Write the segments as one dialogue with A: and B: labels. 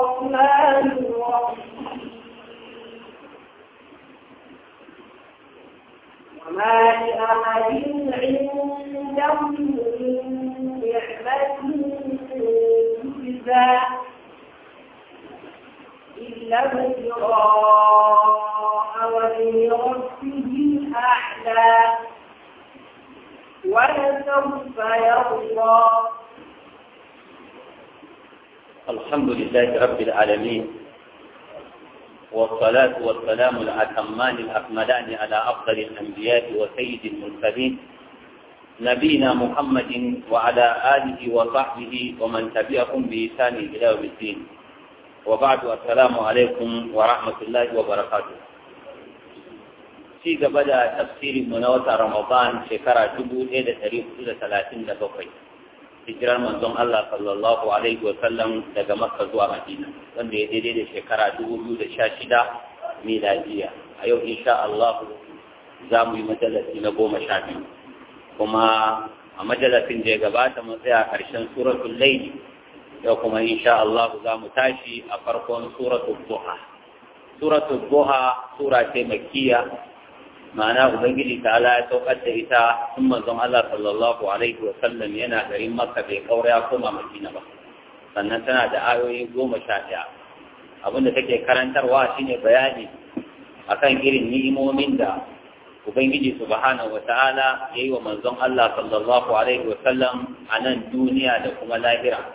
A: الله
B: لله رب العالمين والصلاة والسلام الأتمان الأكملان على أفضل الأنبياء وسيد المرسلين نبينا محمد وعلى آله وصحبه ومن تبعهم بإحسان إلى يوم الدين وبعد السلام عليكم ورحمة الله وبركاته في بدأ تفسير منوتة رمضان شكرا جبو إلى تاريخ 37 hijirar manzon Allah sallallahu alaihi wasallam daga Makka zuwa Madina wanda ya daidai da shekara 2016 miladiya a yau insha Allah za mu yi majalisi na goma sha biyu kuma a majalisin da ya gabata mun tsaya karshen suratul laili ya kuma insha Allah za mu tashi a farkon suratul duha suratul duha sura ce makkiya ma'ana ubangiji ta ala ya saukar da ita sun manzon Allah sallallahu alaihi wa sallam yana garin Makka bai kaura ya koma Madina ba sannan tana da ayoyi goma sha ɗaya abinda take karantarwa shine bayani a kan irin ni'imomin da ubangiji subhanahu wa ta'ala yi wa manzon Allah sallallahu alaihi wa sallam a nan duniya da kuma lahira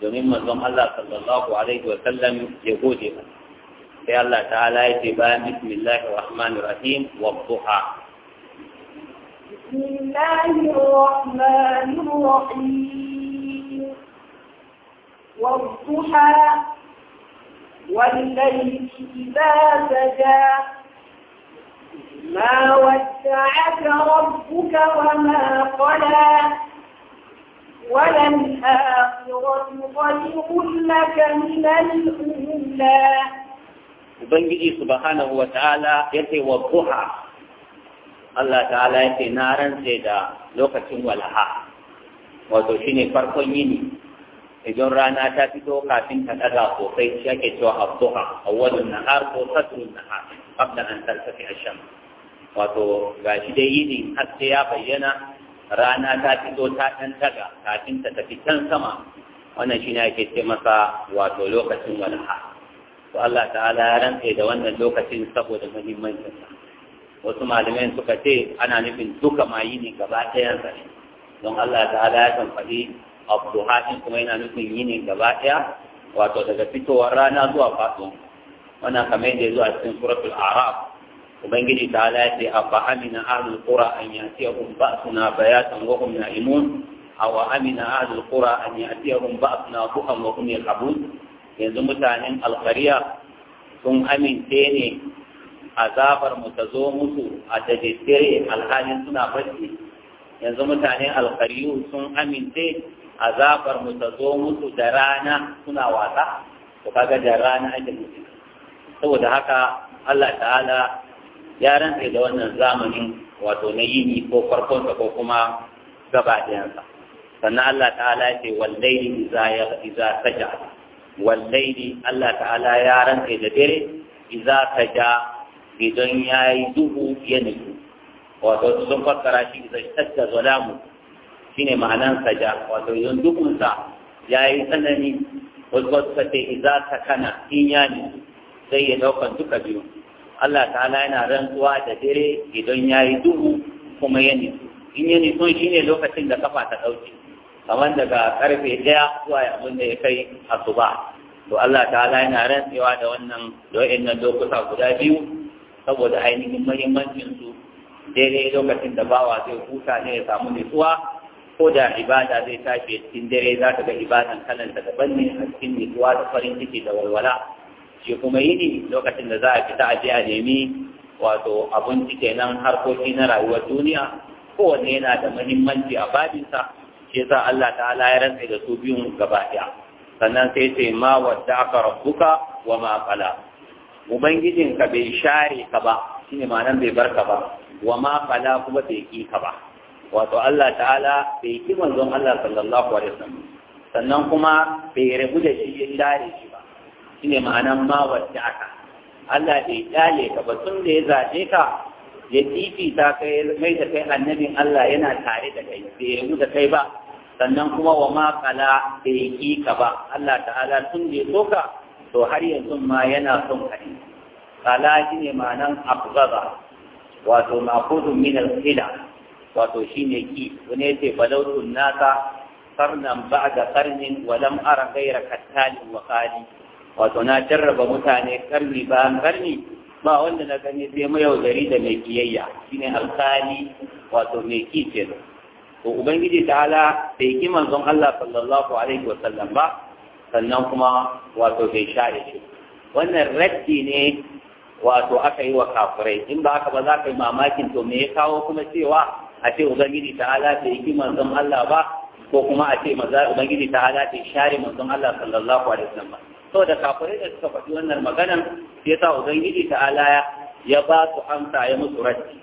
B: domin manzon Allah sallallahu alaihi wa sallam ya gode masa sai Allah ta'ala ya ce bayan bismillahir rahmanir rahim wa duha
A: bismillahir rahmanir rahim wa duha wal layli idha saja ما ودعك ربك وما قلى وللآخرة خير لك من الأولى
B: ubangiji subhanahu wa ta'ala ce wa buha? Allah ta'ala ya ce na rantse da lokacin walaha wato shine farkon yini idan rana ta fito kafin ta daga sosai shi ake cewa wadun na nahar ko na har, abda an tarfafi a shan. wato shi dai yini har sai ya bayyana rana ta fito ta ɗan daga kafin ta tafi can sama wannan shi ne ake ce masa wato lokacin walaha. to Allah ta'ala ya rantse da wannan lokacin saboda muhimmancinsa wasu malamai suka ce ana nufin duka mayi ne gaba ɗayansa ne don Allah ta'ala ya kan faɗi abduhatin kuma yana nufin yini gaba ɗaya wato daga fitowar rana zuwa faɗuwa wannan kamar yadda zuwa cikin suratul araf ubangiji ta ala ce a fa'amina ahlul qura an yatiyahum ba'suna bayatan wa hum na'imun aw amina ahlul qura an yatiyahum ba'suna duhan wa hum yal'abun yanzu mutanen alkariya sun amince ne azabar mu ta zo musu a tajistire alhalin suna bacci yanzu mutanen alkariyu sun amince azabar mu ta zo musu da rana suna wasa ko kaga da rana ake musu saboda haka Allah ta'ala ya rantse da wannan zamanin wato na yini ko farkonsa ko kuma gabaɗayansa sannan Allah ta'ala ce wallai iza ya iza saja wallaili Allah ta'ala ya ranke da dare idza ja idan yayi duhu ya nufi wato sun fassara shi idza shadda zalamu shine ma'anan saja wato idan duhun sa yayi tsanani wasu ce idza kana in ya nufi sai ya dauka duka biyu Allah ta'ala yana rantsuwa da dare idan ya yi duhu kuma ya nisu in ya nisu shi ne lokacin da kafa ta ɗauke kamar daga karfe ɗaya zuwa abin da ya kai asuba to Allah ta'ala yana rantsewa da wannan da wa'annan lokuta guda biyu saboda ainihin mahimmancin su daidai lokacin da bawa zai huta ne ya samu nutsuwa ko da ibada zai tashi cikin dare za ta ga ibadan kalanta daban ne a cikin nutsuwa da farin ciki da walwala shi kuma ne lokacin da za a fita a je a nemi wato abinci kenan harkoki na rayuwar duniya kowanne yana da muhimmanci a babinsa shi yasa Allah ta'ala ya rantsa da su biyun gaba ɗaya sannan sai ce ma wadda aka rabbuka wa ma qala ubangijin ka bai share ka ba shine ma'anan bai barka ba wa ma qala kuma bai ki ka ba wato Allah ta'ala bai ki manzon Allah sallallahu alaihi wasallam sannan kuma bai rabu da shi ya dare shi ba shine ma'anan ma wadda aka Allah bai kyale ka ba tun da ya zaɓe ka ya fifita kai mai da kai annabin Allah yana tare da kai bai rabu da kai ba sannan kuma wa ma kala bai ƙi ka ba Allah ta'ala tun da ya soka to har yanzu ma yana son ka kala shi ne ma'anan afgaba, wato ma'kudun min al wato shine ki wani yace balautu nasa karnan ba'da karnin wa lam ara ghayra kattali wa qali wato na jarraba mutane karni ba, karni ba wanda na gani sai gari da mai kiyayya shine alkali wato mai ki kenan to ubangiji ta'ala bai ki manzon Allah sallallahu alaihi wasallam ba sannan kuma wato bai share shi wannan raddi ne wato aka yi wa kafirai in ba haka ba za ka yi mamakin to me ya kawo kuma cewa a ce ubangiji ta'ala bai ki manzon Allah ba ko kuma a ce maza ubangiji ta'ala bai share manzon Allah sallallahu alaihi wasallam ba saboda kafirai da suka faɗi wannan maganan sai ya sa ubangiji ta'ala ya ba su amsa ya musu raddi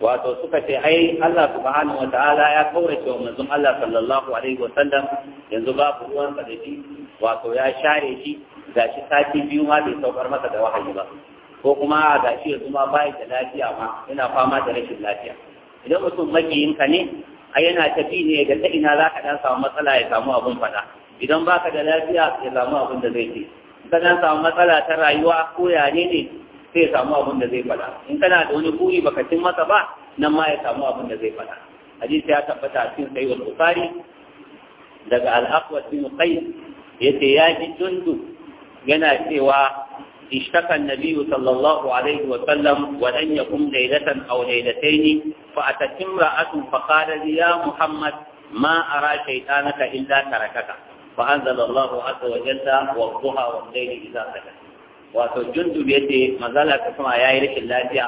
B: wato suka ce ai Allah subhanahu wataala ya kaurace wa manzon Allah sallallahu alaihi sallam", yanzu babu ruwan sa da shi wato ya share shi shi sati biyu ma bai saukar masa da wahayi ba ko kuma gashi yanzu ma bai da lafiya ma yana fama da rashin lafiya idan mutum ka ne ai yana tafi ne ga ta ina za ka dan samu matsala ya samu abun fada idan baka da lafiya ya samu abin da zai ce ka samu matsala ta rayuwa ko yane ne sai ya samu abin da zai faɗa, in kana da wani buri baka cin masa ba nan ma ya samu abin da zai faɗa. hadisi ya tabbata cikin sai wal bukhari daga al aqwa bin qais yace ya ji dundu yana cewa ishtaka an-nabiy sallallahu alaihi wa sallam wa an yakum laylatan aw laylatayn fa atatim ra'atu fa qala ya muhammad ما أرى شيطانك إلا تركك فأنزل الله عز وجل وقتها والليل إذا سكت wato jundub ya mazala ta sama ya yi rashin lafiya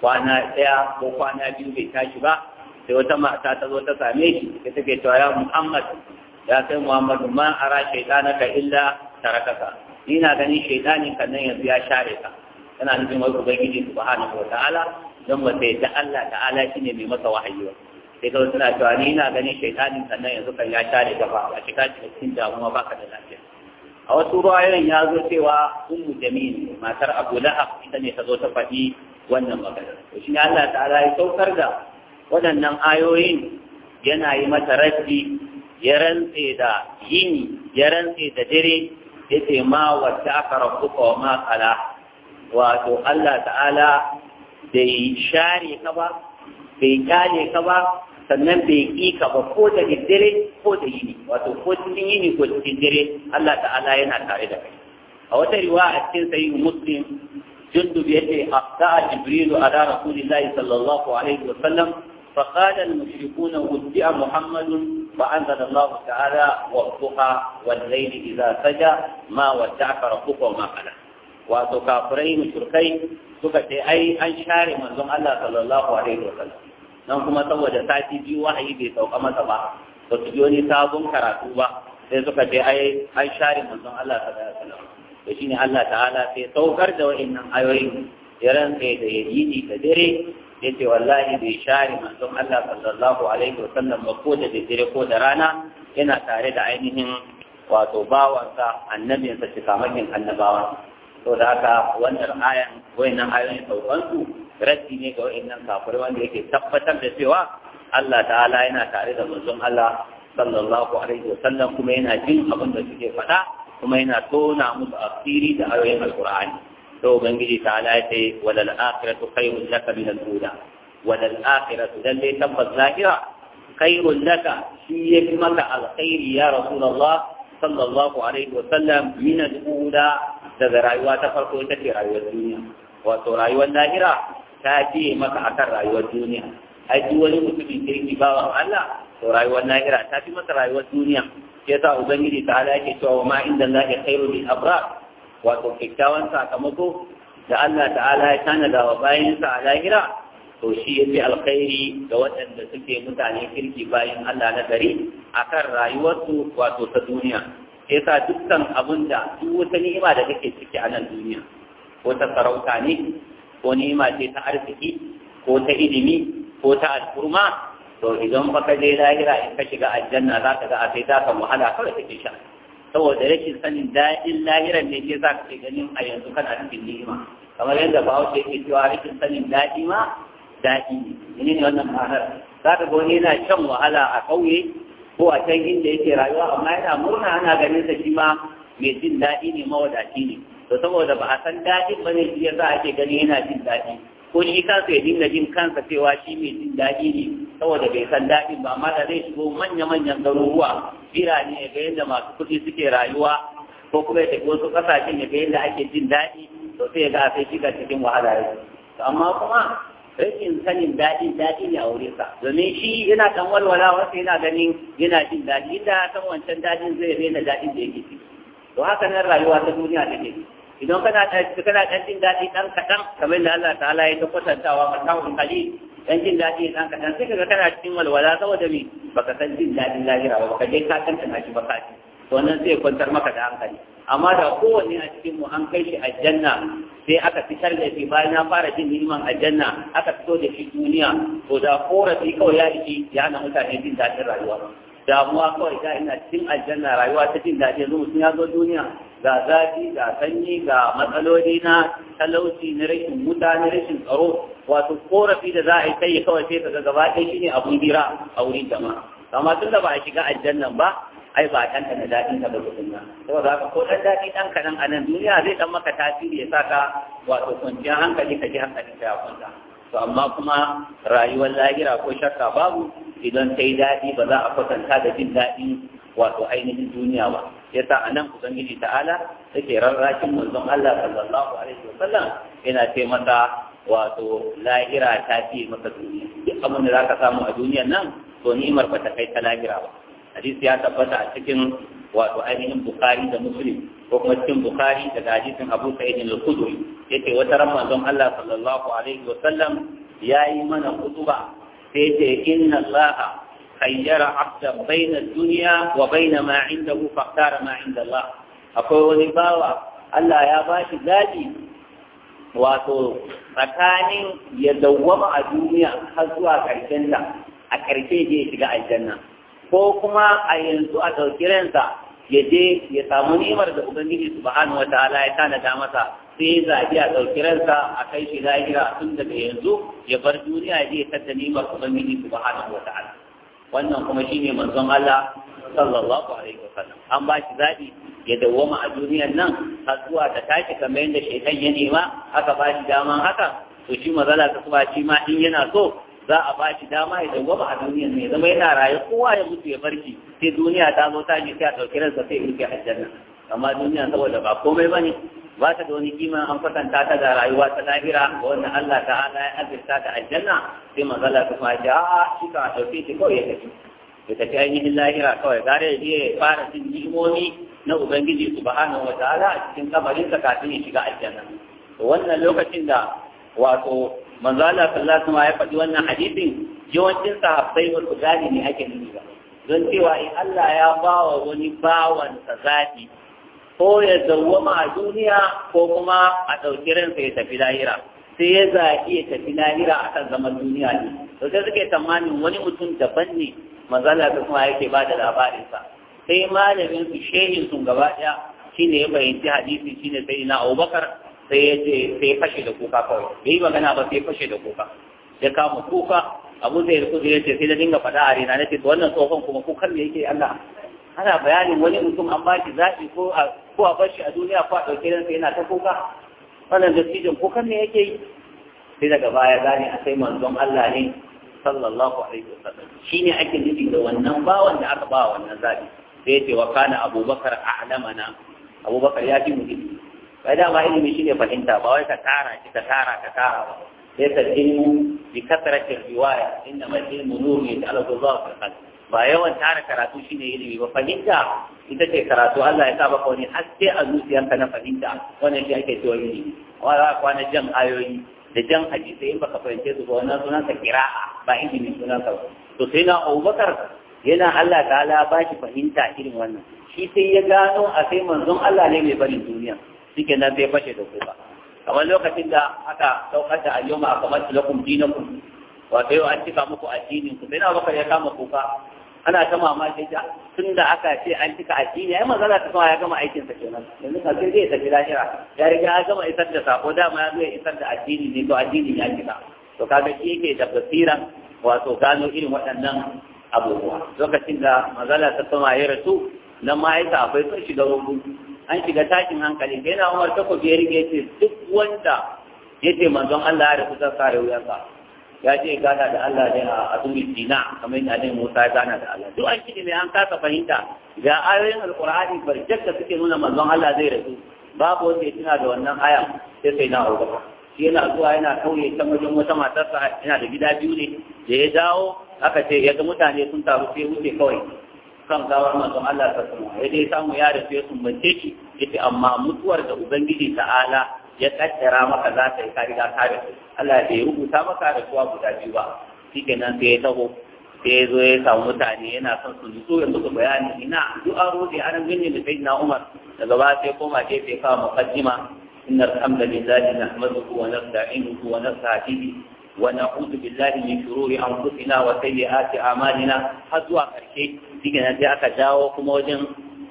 B: kwana ɗaya ko kwana biyu bai tashi ba sai wata mata ta zo ta same shi ta take cewa ya muhammad ya kai muhammadu ma ara ka illa tarakaka ni na ganin shaitanin ka nan yanzu ya share ka yana nufin wai ubangiji subhanahu wa ta'ala don ba sai Allah ta'ala shine mai masa wahayi ba sai kawai suna cewa ni na ganin shaiɗanin ka nan yanzu kan ya share ka ba a shiga cikin damuwa baka da lafiya a wasu ruwayoyin ya zo cewa ummu jamil matar abu lahab ita ne ta zo ta faɗi wannan magana to shi Allah ta'ala ya saukar da waɗannan ayoyin yana yi mata raddi ya rantse da yini ya rantse da dare yace ma wata aka rabbuka wa ma qala wato Allah ta'ala bai share ka ba bai kyale ka ba sannan bai ƙi ka ba ko da daddare ko da yini wato ko cikin yini ko cikin dare Allah ta'ala yana tare da kai a wata riwa a cikin sayi muslim jundub yace a jibrilu ala rasulillahi sallallahu alaihi wa sallam فقال المشركون ودئ محمد فأنزل الله تعالى والضحى والليل إذا سجى ما ودعك ربك Wato قلى وتكافرين مشركين سكت أي an share من allah sallallahu alaihi wa sallam. nan kuma saboda sati biyu wahayi bai sauka masa ba ba su ji wani sabon karatu ba sai suka ce ai an share manzon Allah ta alaihi wasallam to shine Allah ta'ala sai saukar da wa'annan ayoyi ya rantsa da yayi da dare ya ce wallahi bai share manzon Allah sallallahu alaihi wasallam ba ko da dare ko da rana yana tare da ainihin wato bawansa annabinsa cikamakin annabawa to da haka wannan ayan wayannan ayoyin saukansu raddi ne ga wa'annan kafirai wanda yake tabbatar da cewa Allah ta'ala yana tare da manzon Allah sallallahu alaihi wasallam kuma yana jin abin da suke faɗa kuma yana tona musu asiri da ayoyin alqur'ani to ubangiji ta'ala ya ce walal akhiratu khairul laka min al-ula walal akhiratu lalle tabbas lahira khairul laka shi yafi maka alkhairi ya rasulullah sallallahu alaihi wasallam min al-ula daga rayuwa ta farko ita ce rayuwar duniya wato rayuwar lahira ta biye masa akan rayuwar duniya ai duk wani mutumin kirki wa Allah to rayuwar nahira ta fi masa rayuwar duniya ke sa ubangiji ta ala yake cewa ma inda Allah ya khairu lil abrar wato kyakkyawan sakamako da Allah ta'ala ya tanada wa bayansa a lahira to shi ya fi alkhairi ga waɗanda suke mutane kirki bayan Allah na gari akan rayuwarsu wato ta duniya sa dukkan abin da duk wata ni'ima da kake ciki a nan duniya wata sarauta ne ko ni'ima ce ta arziki ko ta ilimi ko ta alkurma to idan baka je lahira in ka shiga aljanna za ka ga a sai zaka wahala kawai kake sha saboda rashin sanin daɗin lahiran ne ke za ka ke ganin a yanzu kana cikin ni'ima kamar yadda bahaushe ke cewa rashin sanin daɗi ma daɗi ne ne ne wannan ma'anar za ka ga wani yana shan wahala a ƙauye ko a can inda yake rayuwa amma yana murna ana ganin sa shi ma mai jin daɗi ne mawadaci ne to saboda ba a san daɗin ba ne shi yasa ake gani yana jin daɗi ko shi kansa ya dinga jin kansa cewa shi mai jin daɗi ne saboda bai san daɗin ba amma da zai shigo manya-manyan garuruwa birane ga yadda masu kuɗi suke rayuwa ko kuma ya tafi wasu ƙasashen ya ga yadda ake jin daɗi to sai ya ga sai shiga cikin wahala ya amma kuma rashin sanin daɗi daɗi ne a wurin sa domin shi yana ɗan walwala wasu yana ganin yana jin daɗi inda kan wancan daɗin zai rena daɗin da yake ciki to haka nan rayuwa ta duniya take idan kana kana dan jin daɗi dan kadan kamar da Allah ta'ala ya ta kwatantawa mata'un kali dan jin daɗi ɗan kaɗan sai ka kana cikin walwala saboda me baka san jin daɗin lahira ba baka je ka tantana shi ba to wannan zai kwantar maka da hankali amma da kowanne a cikin mu an kai shi aljanna sai aka fitar da shi bayan ya fara jin niman aljanna aka fito da shi duniya to da korafi kawai ya ishi ya na mutane jin daɗin rayuwa damuwa kawai da ina cikin aljanna rayuwa ta jin dadi yanzu mutum ya zo duniya ga zafi ga sanyi ga matsaloli na talauci na rashin wuta na rashin tsaro wato korafi da za a yi sai kawai sai ka gaba ɗaya shine abun bira a wurin jama'a amma tun da ba a shiga aljannan ba ai ba ɗan na daɗin ka ba tukunna saboda haka ko ɗan daɗi ɗan nan a nan duniya zai dan maka tasiri ya sa ka wato kwanciyar hankali ka ji hankali ka ya kwanta to amma kuma rayuwar lahira ko shakka babu idan ta yi daɗi ba za a kwatanta da jin daɗi wato ainihin duniya ba yasa anan ubangiji ta'ala take rarrakin manzon Allah sallallahu alaihi wa sallam yana ce masa wato lahira ta fi maka duniya duk abin da zaka samu a duniyan nan to ni'imar ba ta kai ta lahira ba hadisi ya tabbata a cikin wato ainihin bukhari da muslim ko kuma cikin bukhari da hadisin abu sa'id al-khudri yace wata ran manzon Allah sallallahu alaihi wa sallam yayi mana kutuba sai yace inna allaha khayyara abda bayna duniya wa bayna ma indahu faqtara ma inda akwai wani bawa Allah ya bashi zabi wato tsakanin ya dawwama a duniya har zuwa karshen da a karshe shiga aljanna ko kuma a yanzu a dauki ransa ya je ya samu nimar da ubangiji subhanahu wataala ya tanada masa sai ya zabi a dauki ransa a kai shi lahira tun daga yanzu ya bar duniya ya je ya tattani ubangiji subhanahu wataala wannan kuma shi shine manzon Allah sallallahu alaihi wasallam an ba shi zabi ya dawoma a duniyar nan har zuwa ta tashi kamar yadda shaitan ya nema aka ba shi daman haka to shi mazala ta kuma shi ma in yana so za a ba shi dama ya dawoma a duniyar ne zama yana rayuwa kowa ya mutu ya barki sai duniya ta zo ta ji sai a ɗauki ransa sai in ke aljanna amma duniya saboda ba komai ne, ba ta da wani kima an kwatanta ta da rayuwa ta lahira wanda Allah ta'ala ya azurta ta aljanna sai manzala ta kuma ce shi ka dauke shi kawai ya tafi ya tafi ainihin lahira kawai gare ya ya fara jin ni'imomi na ubangiji subhanahu wa ta'ala a cikin kabarin kafin ya shiga aljanna wannan lokacin da wato manzala sallallahu alaihi wasallam ya faɗi wannan hadisin yawancin sahabbai wasu gane ne ake nuni ba don cewa in Allah ya bawa wani bawansa sa zaɓi ko ya dawwama a duniya ko kuma a ɗauki ransa ya tafi lahira sai ya zaɓi ya tafi lahira a kan zaman duniya ne to sai suke tsammanin wani mutum daban ne mazala ta kuma yake ba da labarinsa sai malamin su shehin sun gaba ɗaya shine ya fahimci hadisi shine sai na abubakar sai ya ce sai fashe da kuka kawai bai yi magana ba sai fashe da kuka ya kama kuka abu zai rikudu ya ce sai na dinga faɗa a rina na ce wannan tsohon kuma kukan da yake Allah ana bayanin wani mutum an ba shi zaɓi ko a ko a bashi a duniya ko a ɗauke ransa yana ta kuka wannan dattijan kukan ne yake yi sai daga baya gane a sai manzon Allah ne sallallahu alaihi wasallam shine ake nufi da wannan bawan da aka ba wannan zabi sai ya ce wa kana abubakar a'lamana abubakar ya fi mutum bai dama ilimi shi ne fahimta ba wai ka tara ki ka tara ka tara ba sai ka ilmu bi kasratil riwaya inna ma ilmu nuru yata'allaqu bi dhafil qalb ba yawan tara karatu shi ne ilimi ba fahimta ita ce karatu Allah ya saba baka wani haske a zuciyarka na fahimta wannan shi ake cewa ne wala kwana jan ayoyi da jan hadisi in baka fahimce su ba wannan sunan ka kira'a ba ilimin sunan ka to sai na Abubakar yana Allah ta'ala ba shi fahimta irin wannan shi sai ya gano a sai manzon Allah ne mai barin duniya shike nan sai fashe da kuka kamar lokacin da aka saukar da alyoma a kamar lakum dinakum wato yau an cika muku addinin ku sai na bakar ya kama kuka ana ta mamakin ta tun da aka ce an cika addini ai manzo Allah ta ya gama aikin ta kenan yanzu ka sai zai tafi lahira ya riga ya gama isar da sako dama ya zo ya isar da addini ne to addini ya cika to kaga shi yake da basira wato gano irin waɗannan abubuwa lokacin da mazala ta kama ya rasu na ma ya akwai sun shiga rubu an shiga takin hankali da na umar ta ya rike ce duk wanda ya ce manzon Allah ya rasu ta sare wuyansa ya ce gana da Allah ne a azumi dina kamar yadda ne Musa ya gana da Allah duk an kike ne an kasa fahimta ga ayoyin alqur'ani barkat da suke nuna manzon Allah zai rasu babu wanda ya tuna da wannan aya sai sai na aure. shi yana zuwa yana kauye ta wajen wata matarsa yana da gida biyu ne da ya dawo aka ce ya mutane sun taru sai wuce kawai kan gawar manzon Allah ta sama ya dai samu ya rasu ya sumbace shi amma mutuwar da ubangiji ta'ala ya kaddara maka za ta yi ka riga ka rasu Allah bai rubuta maka rasuwa guda biyu ba shikenan sai ya taho sai ya zo ya samu mutane yana son su nutsu ya musu bayani ina du'a ruhi anan ganin da sayyidina Umar daga ba sai koma gefe ka muqaddima inna alhamdulillahi nahmaduhu wa nasta'inuhu wa nasta'inuhu ونعوذ بالله من شرور انفسنا وسيئات اعمالنا har zuwa karshe shi ne sai aka dawo kuma wajen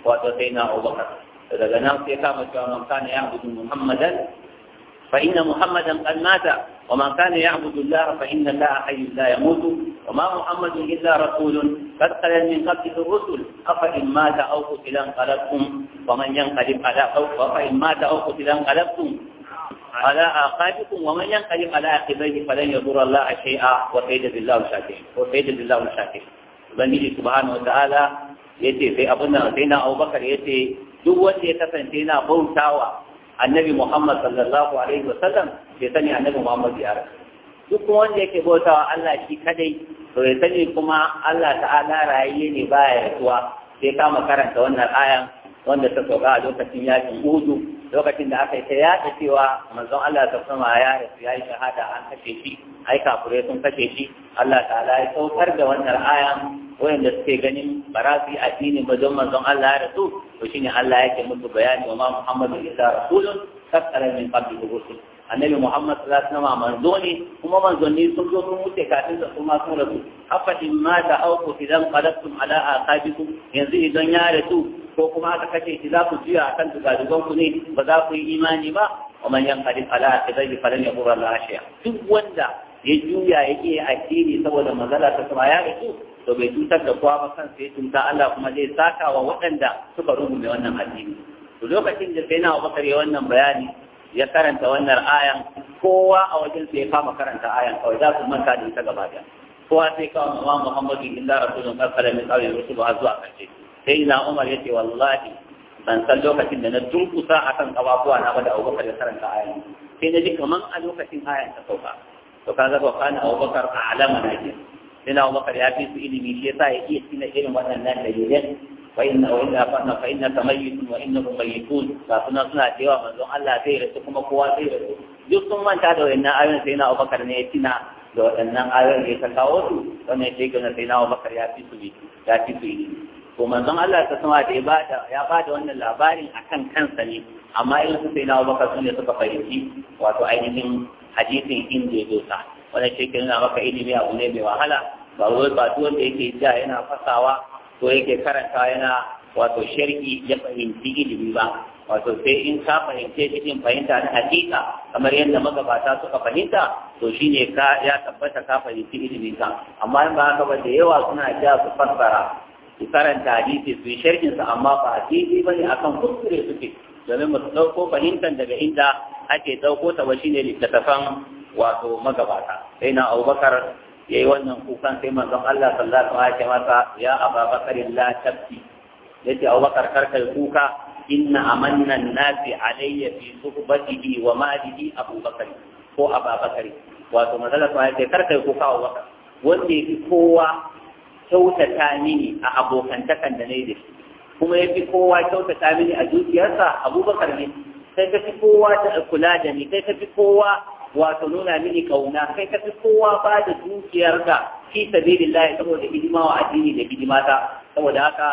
B: wato sai na Abubakar إذا قلناه في إقامة ومن كان يعبد محمدا فإن محمدا قد مات ومن كان يعبد الله فإن الله حي لا يموت وما محمد إلا رسول قد خلت من قبله الرسل أفإن مات أو قتل انقلبتم ومن ينقلب على فان مات أو قتل انقلبتم على اعقابكم ومن ينقلب على عقبيه فلن يضر الله شيئا وحيد بالله الشاكرين وحيد بالله الشاكرين بني سبحانه وتعالى يتي في أبونا سيدنا أبو بكر يتي duk wanda ya kasance yana bautawa annabi Muhammad sallallahu alaihi wasallam bai sani annabi Muhammad ya rasu duk kuma wanda yake bautawa Allah shi kadai to ya sani kuma Allah ta'ala rayiye ne baya rasuwa sai kama karanta wannan ayan wanda ta sauka a lokacin yaƙin Udu lokacin da aka yi ta yaɗa cewa manzon Allah ta sama ya rasu ya yi shahada an kashe shi ai kafure sun kashe shi Allah ta'ala ya saukar da wannan ayan wayanda suke ganin barafi addini mazan manzon Allah ya rasu to shine Allah yake musu bayani wa ma Muhammadu illa rasulun kasara min qabli rusul annabi Muhammad sallallahu alaihi wasallam manzo ne kuma manzonni sun zo sun wuce kafin da kuma sun rasu afadin ma da auku idan qadattum ala aqabikum yanzu idan ya rasu ko kuma aka kace shi za ku jiya akan dugadugan ku ne ba za ku yi imani ba wa man yanqadib ala aqibihi falan yaqura la ashiya duk wanda ya juya yake addini saboda magana ta sama ya rasu to bai cutar da kowa ba kansa ya cuta Allah kuma zai saka wa waɗanda suka rubuta wannan addini to lokacin da sai na Abubakar ya wannan bayani ya karanta wannan ayan kowa a wajen sai ya kama karanta ayan kawai za su manta da ita gaba daya kowa sai kawo ma Muhammadu illa rasulun karkara min kawai rusul ba zuwa karshe sai na Umar yace wallahi ban san lokacin da na a kan kafafuwa na ba da Abubakar ya karanta ayan sai na ji kamar a lokacin ayan ta sauka to kaga ba kana Abubakar a alama na sai na Abubakar ya fi su ilimi shi yasa ya iya tina irin waɗannan dalilan fa inna wa inna fa fa inna tamayyitun wa innahum mayyitun ba suna cewa manzon Allah sai kuma kowa sai rasu duk sun manta da wannan ayoyin sai na Abubakar ya tina da waɗannan ayoyin da ya ta kawo su wannan sai sai na Abubakar ya fi su ilimi to manzon Allah ta sama da ya bada ya wannan labarin akan kansa ne amma irin su sai na ne suka fahimci wato ainihin hadisin inda ya wannan maka ilimi a ne mai wahala ba wai ba duk wanda yake ja yana fasawa ko yake karanta yana wato sharhi ya fahimci ilimi ba wato sai in ka fahimce cikin fahimta na hakika kamar yadda magabata suka fahimta to shine ka ya tabbata ka fahimci ilimin ka amma in ba haka ba da yawa suna ja su fassara su karanta hadisi su yi sharhin sa amma ba hadisi bane akan kuskure suke domin mu dauko fahimtar daga inda ake dauko ta ba shine littattafan wato magabata sai na Abubakar yayi wannan kukan sai manzon Allah sallallahu alaihi wasallam ya masa ya Abubakar la tabki yace Abubakar kar kai kuka inna amanna nasi alayya fi suhbatihi wa malihi Abubakar ko Abubakar wato manzon Allah ya ce kar kai kuka Abubakar wanda yafi kowa kyautata mini a abokantakan da nayi da shi kuma yafi kowa kyautata mini a dukiyarsa Abubakar ne sai ka fi kowa ta kula da ni sai ka fi kowa wato nuna mini kauna kai ka fi kowa ba da dukiyarka fi sabilillah saboda hidima wa addini da hidima saboda haka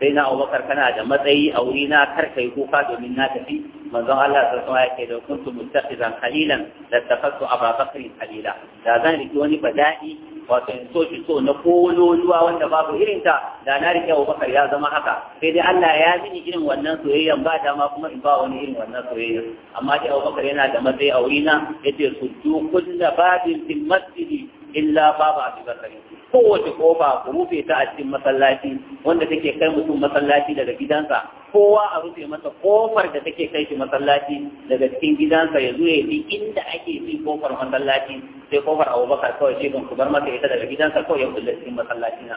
B: sai na Abubakar kana da matsayi a wuri na kar yi kuka domin na tafi manzon Allah sallallahu alaihi wasallam yake da kuntu muttaqidan qalilan da tafassu Abu Bakr qalila da zan riki wani bada'i wato in so shi so na kololuwa wanda babu irinta da na rike Abubakar ya zama haka sai dai Allah ya mini irin wannan soyayyan ba dama kuma in ba wani irin wannan soyayya amma dai Abubakar yana da matsayi a wurina yace sujju kullu babin fil masjidi illa baba Abubakar kowace kofa ku rufe ta a cikin masallaci wanda take kai mutum masallaci daga gidansa kowa a rufe masa kofar da take kai shi masallaci daga cikin gidansa ya zo ya inda ake bi kofar masallaci sai kofar abubakar kawai ce ku bar masa ita daga gidansa kawai ya kulle cikin masallaci na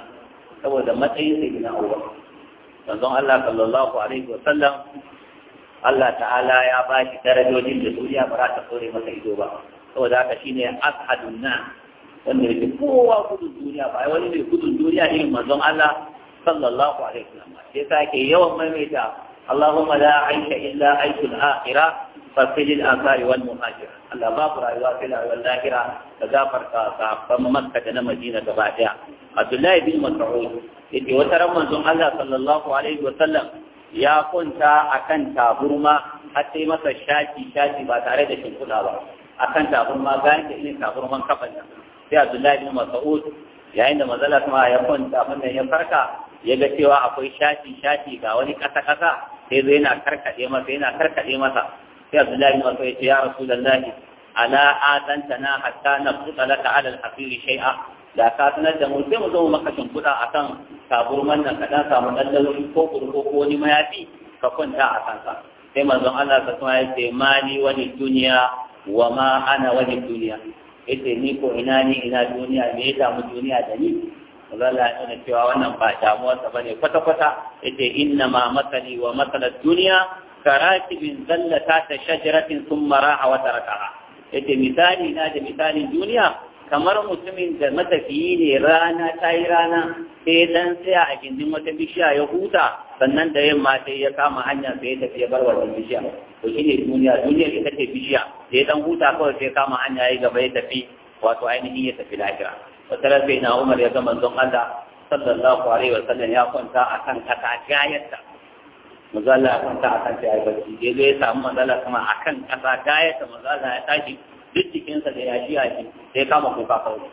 B: saboda matsayin sai gina abubakar manzon Allah sallallahu alaihi wa sallam Allah ta'ala ya ba shi darajojin da duniya ba za ta kore masa ido ba saboda haka shine ashadun nas wanda yake kowa gudun duniya ba wani mai gudun duniya irin mazan Allah sallallahu alaihi wa wasallam sai sa ke yawan maimaita Allahumma la aisha illa aishul akhirah fasijil asari wal muhajir Allah babu rayuwa sai rayuwar lahira da gafarta sahabban Makka da na Madina gaba daya Abdullahi bin Mas'ud yake wata ran manzon Allah sallallahu alaihi wa sallam ya kwanta akan taburma har sai masa shaki shaki ba tare da shimfiɗa ba akan taburma bayan da irin taburman kafan sai abdullahi bin mas'ud yayin da manzala kuma ya kwanta wannan ya farka ya ga cewa akwai shafi shafi ga wani kasa kasa sai zai na karkade masa yana karkade masa sai abdullahi bin mas'ud ya ce ya rasulullahi ala atantana hatta nafsuta laka ala al-hafiri shay'a da ka sanar da mu sai mu zo maka shimfiɗa akan taburman nan ka dan samu ɗanɗano ko kurko ko wani mayafi ka kwanta a kansa sai manzon Allah ta kuma ya ce mali wani duniya wa ma ana wani duniya yace ni ko ina ni ina duniya me ya damu duniya da ni Allah ya nuna cewa wannan ba ba ne kwata kwata yace inna ma masali wa masalat duniya karatibin zallata ta shajaratin sun mara a wata raka. yace misali na da misalin duniya kamar mutumin da matafiyi ne rana ta yi rana sai dan sai a gindin wata bishiya ya huta sannan da yamma sai ya kama hanya sai ya tafi ya bar wannan bishiya to shine duniya duniyar ita ce bishiya sai dan huta kawai sai kama hanya ya gaba ya tafi wato ainihin ya tafi lahira wata sai na Umar ya ga manzon Allah sallallahu alaihi wa sallam ya kwanta akan kasa gayarta manzo Allah ya kwanta akan sai ai bacci ya zo ya samu matsala kuma akan kasa gayarta manzo Allah ya tashi duk jikinsa da ya shi a sai kama kuka kawai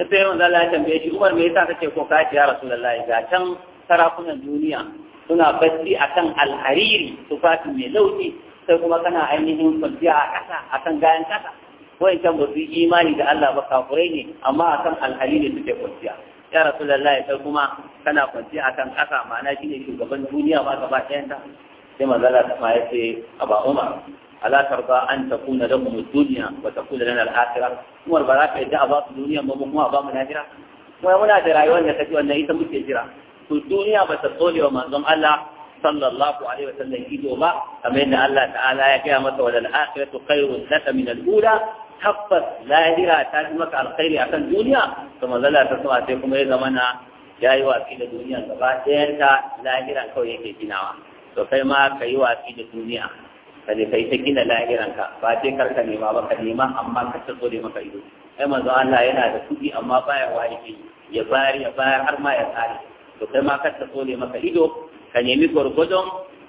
B: sai yawan zala ya tambaye shi umar me yasa kake kuka ya rasulullahi ga can sarakunan duniya suna bacci akan alhariri tufafi mai lauci sai kuma kana ainihin kwanciya a ƙasa akan gayan ƙasa in can su imani da Allah ba kafurai ne amma akan alhariri suke kwanciya ya rasulullahi sai kuma kana kwanciya akan ƙasa ma'ana shine shugaban duniya ba gaba ɗayan ta sai manzala ta ma ya ce aba umar ala tarda an takuna lahum ad-dunya wa takuna lana al-akhirah ba za ka yadda a ba su duniya ba kuma a ba mu lahira kuma muna da rayuwar da kace wannan ita muke jira to duniya ba ta tsole wa manzon Allah sallallahu alaihi wa sallam ido ba kamar yadda Allah ta'ala ya kaya masa wa al-akhiratu khairun laka min al tabbas lahira ta fi maka alkhairi akan duniya to manzon ta sama sai kuma ya zamana ya yi watsi da duniya gaba ɗayanta lahira kawai yake ginawa to kai ma ka yi watsi da duniya ka kai ta gina lahiranka ba sai karka nema ba ka nema amma ka ta da maka ido ai manzo Allah yana da kuɗi amma baya wa yake ya bayar ya bayar har ma ya tsare to kai ma ka ta da maka ido ka nemi gwargwadon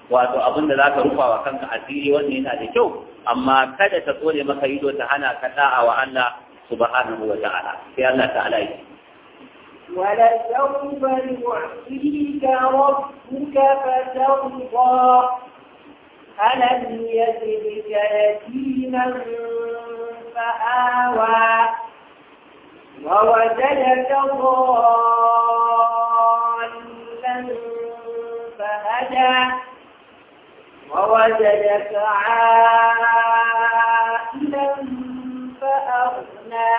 B: wato abin da zaka rufa wa kanka asiri wannan yana da kyau amma kada ta tsone maka ido ta hana ka da'a wa Allah subhanahu wa ta'ala sai Allah ta'ala yi
A: ولسوف يعطيك ربك فترضى ألم يجدك يتيما فآوى ووجدك ضالا فهدى ووجدك عائلا فأغنى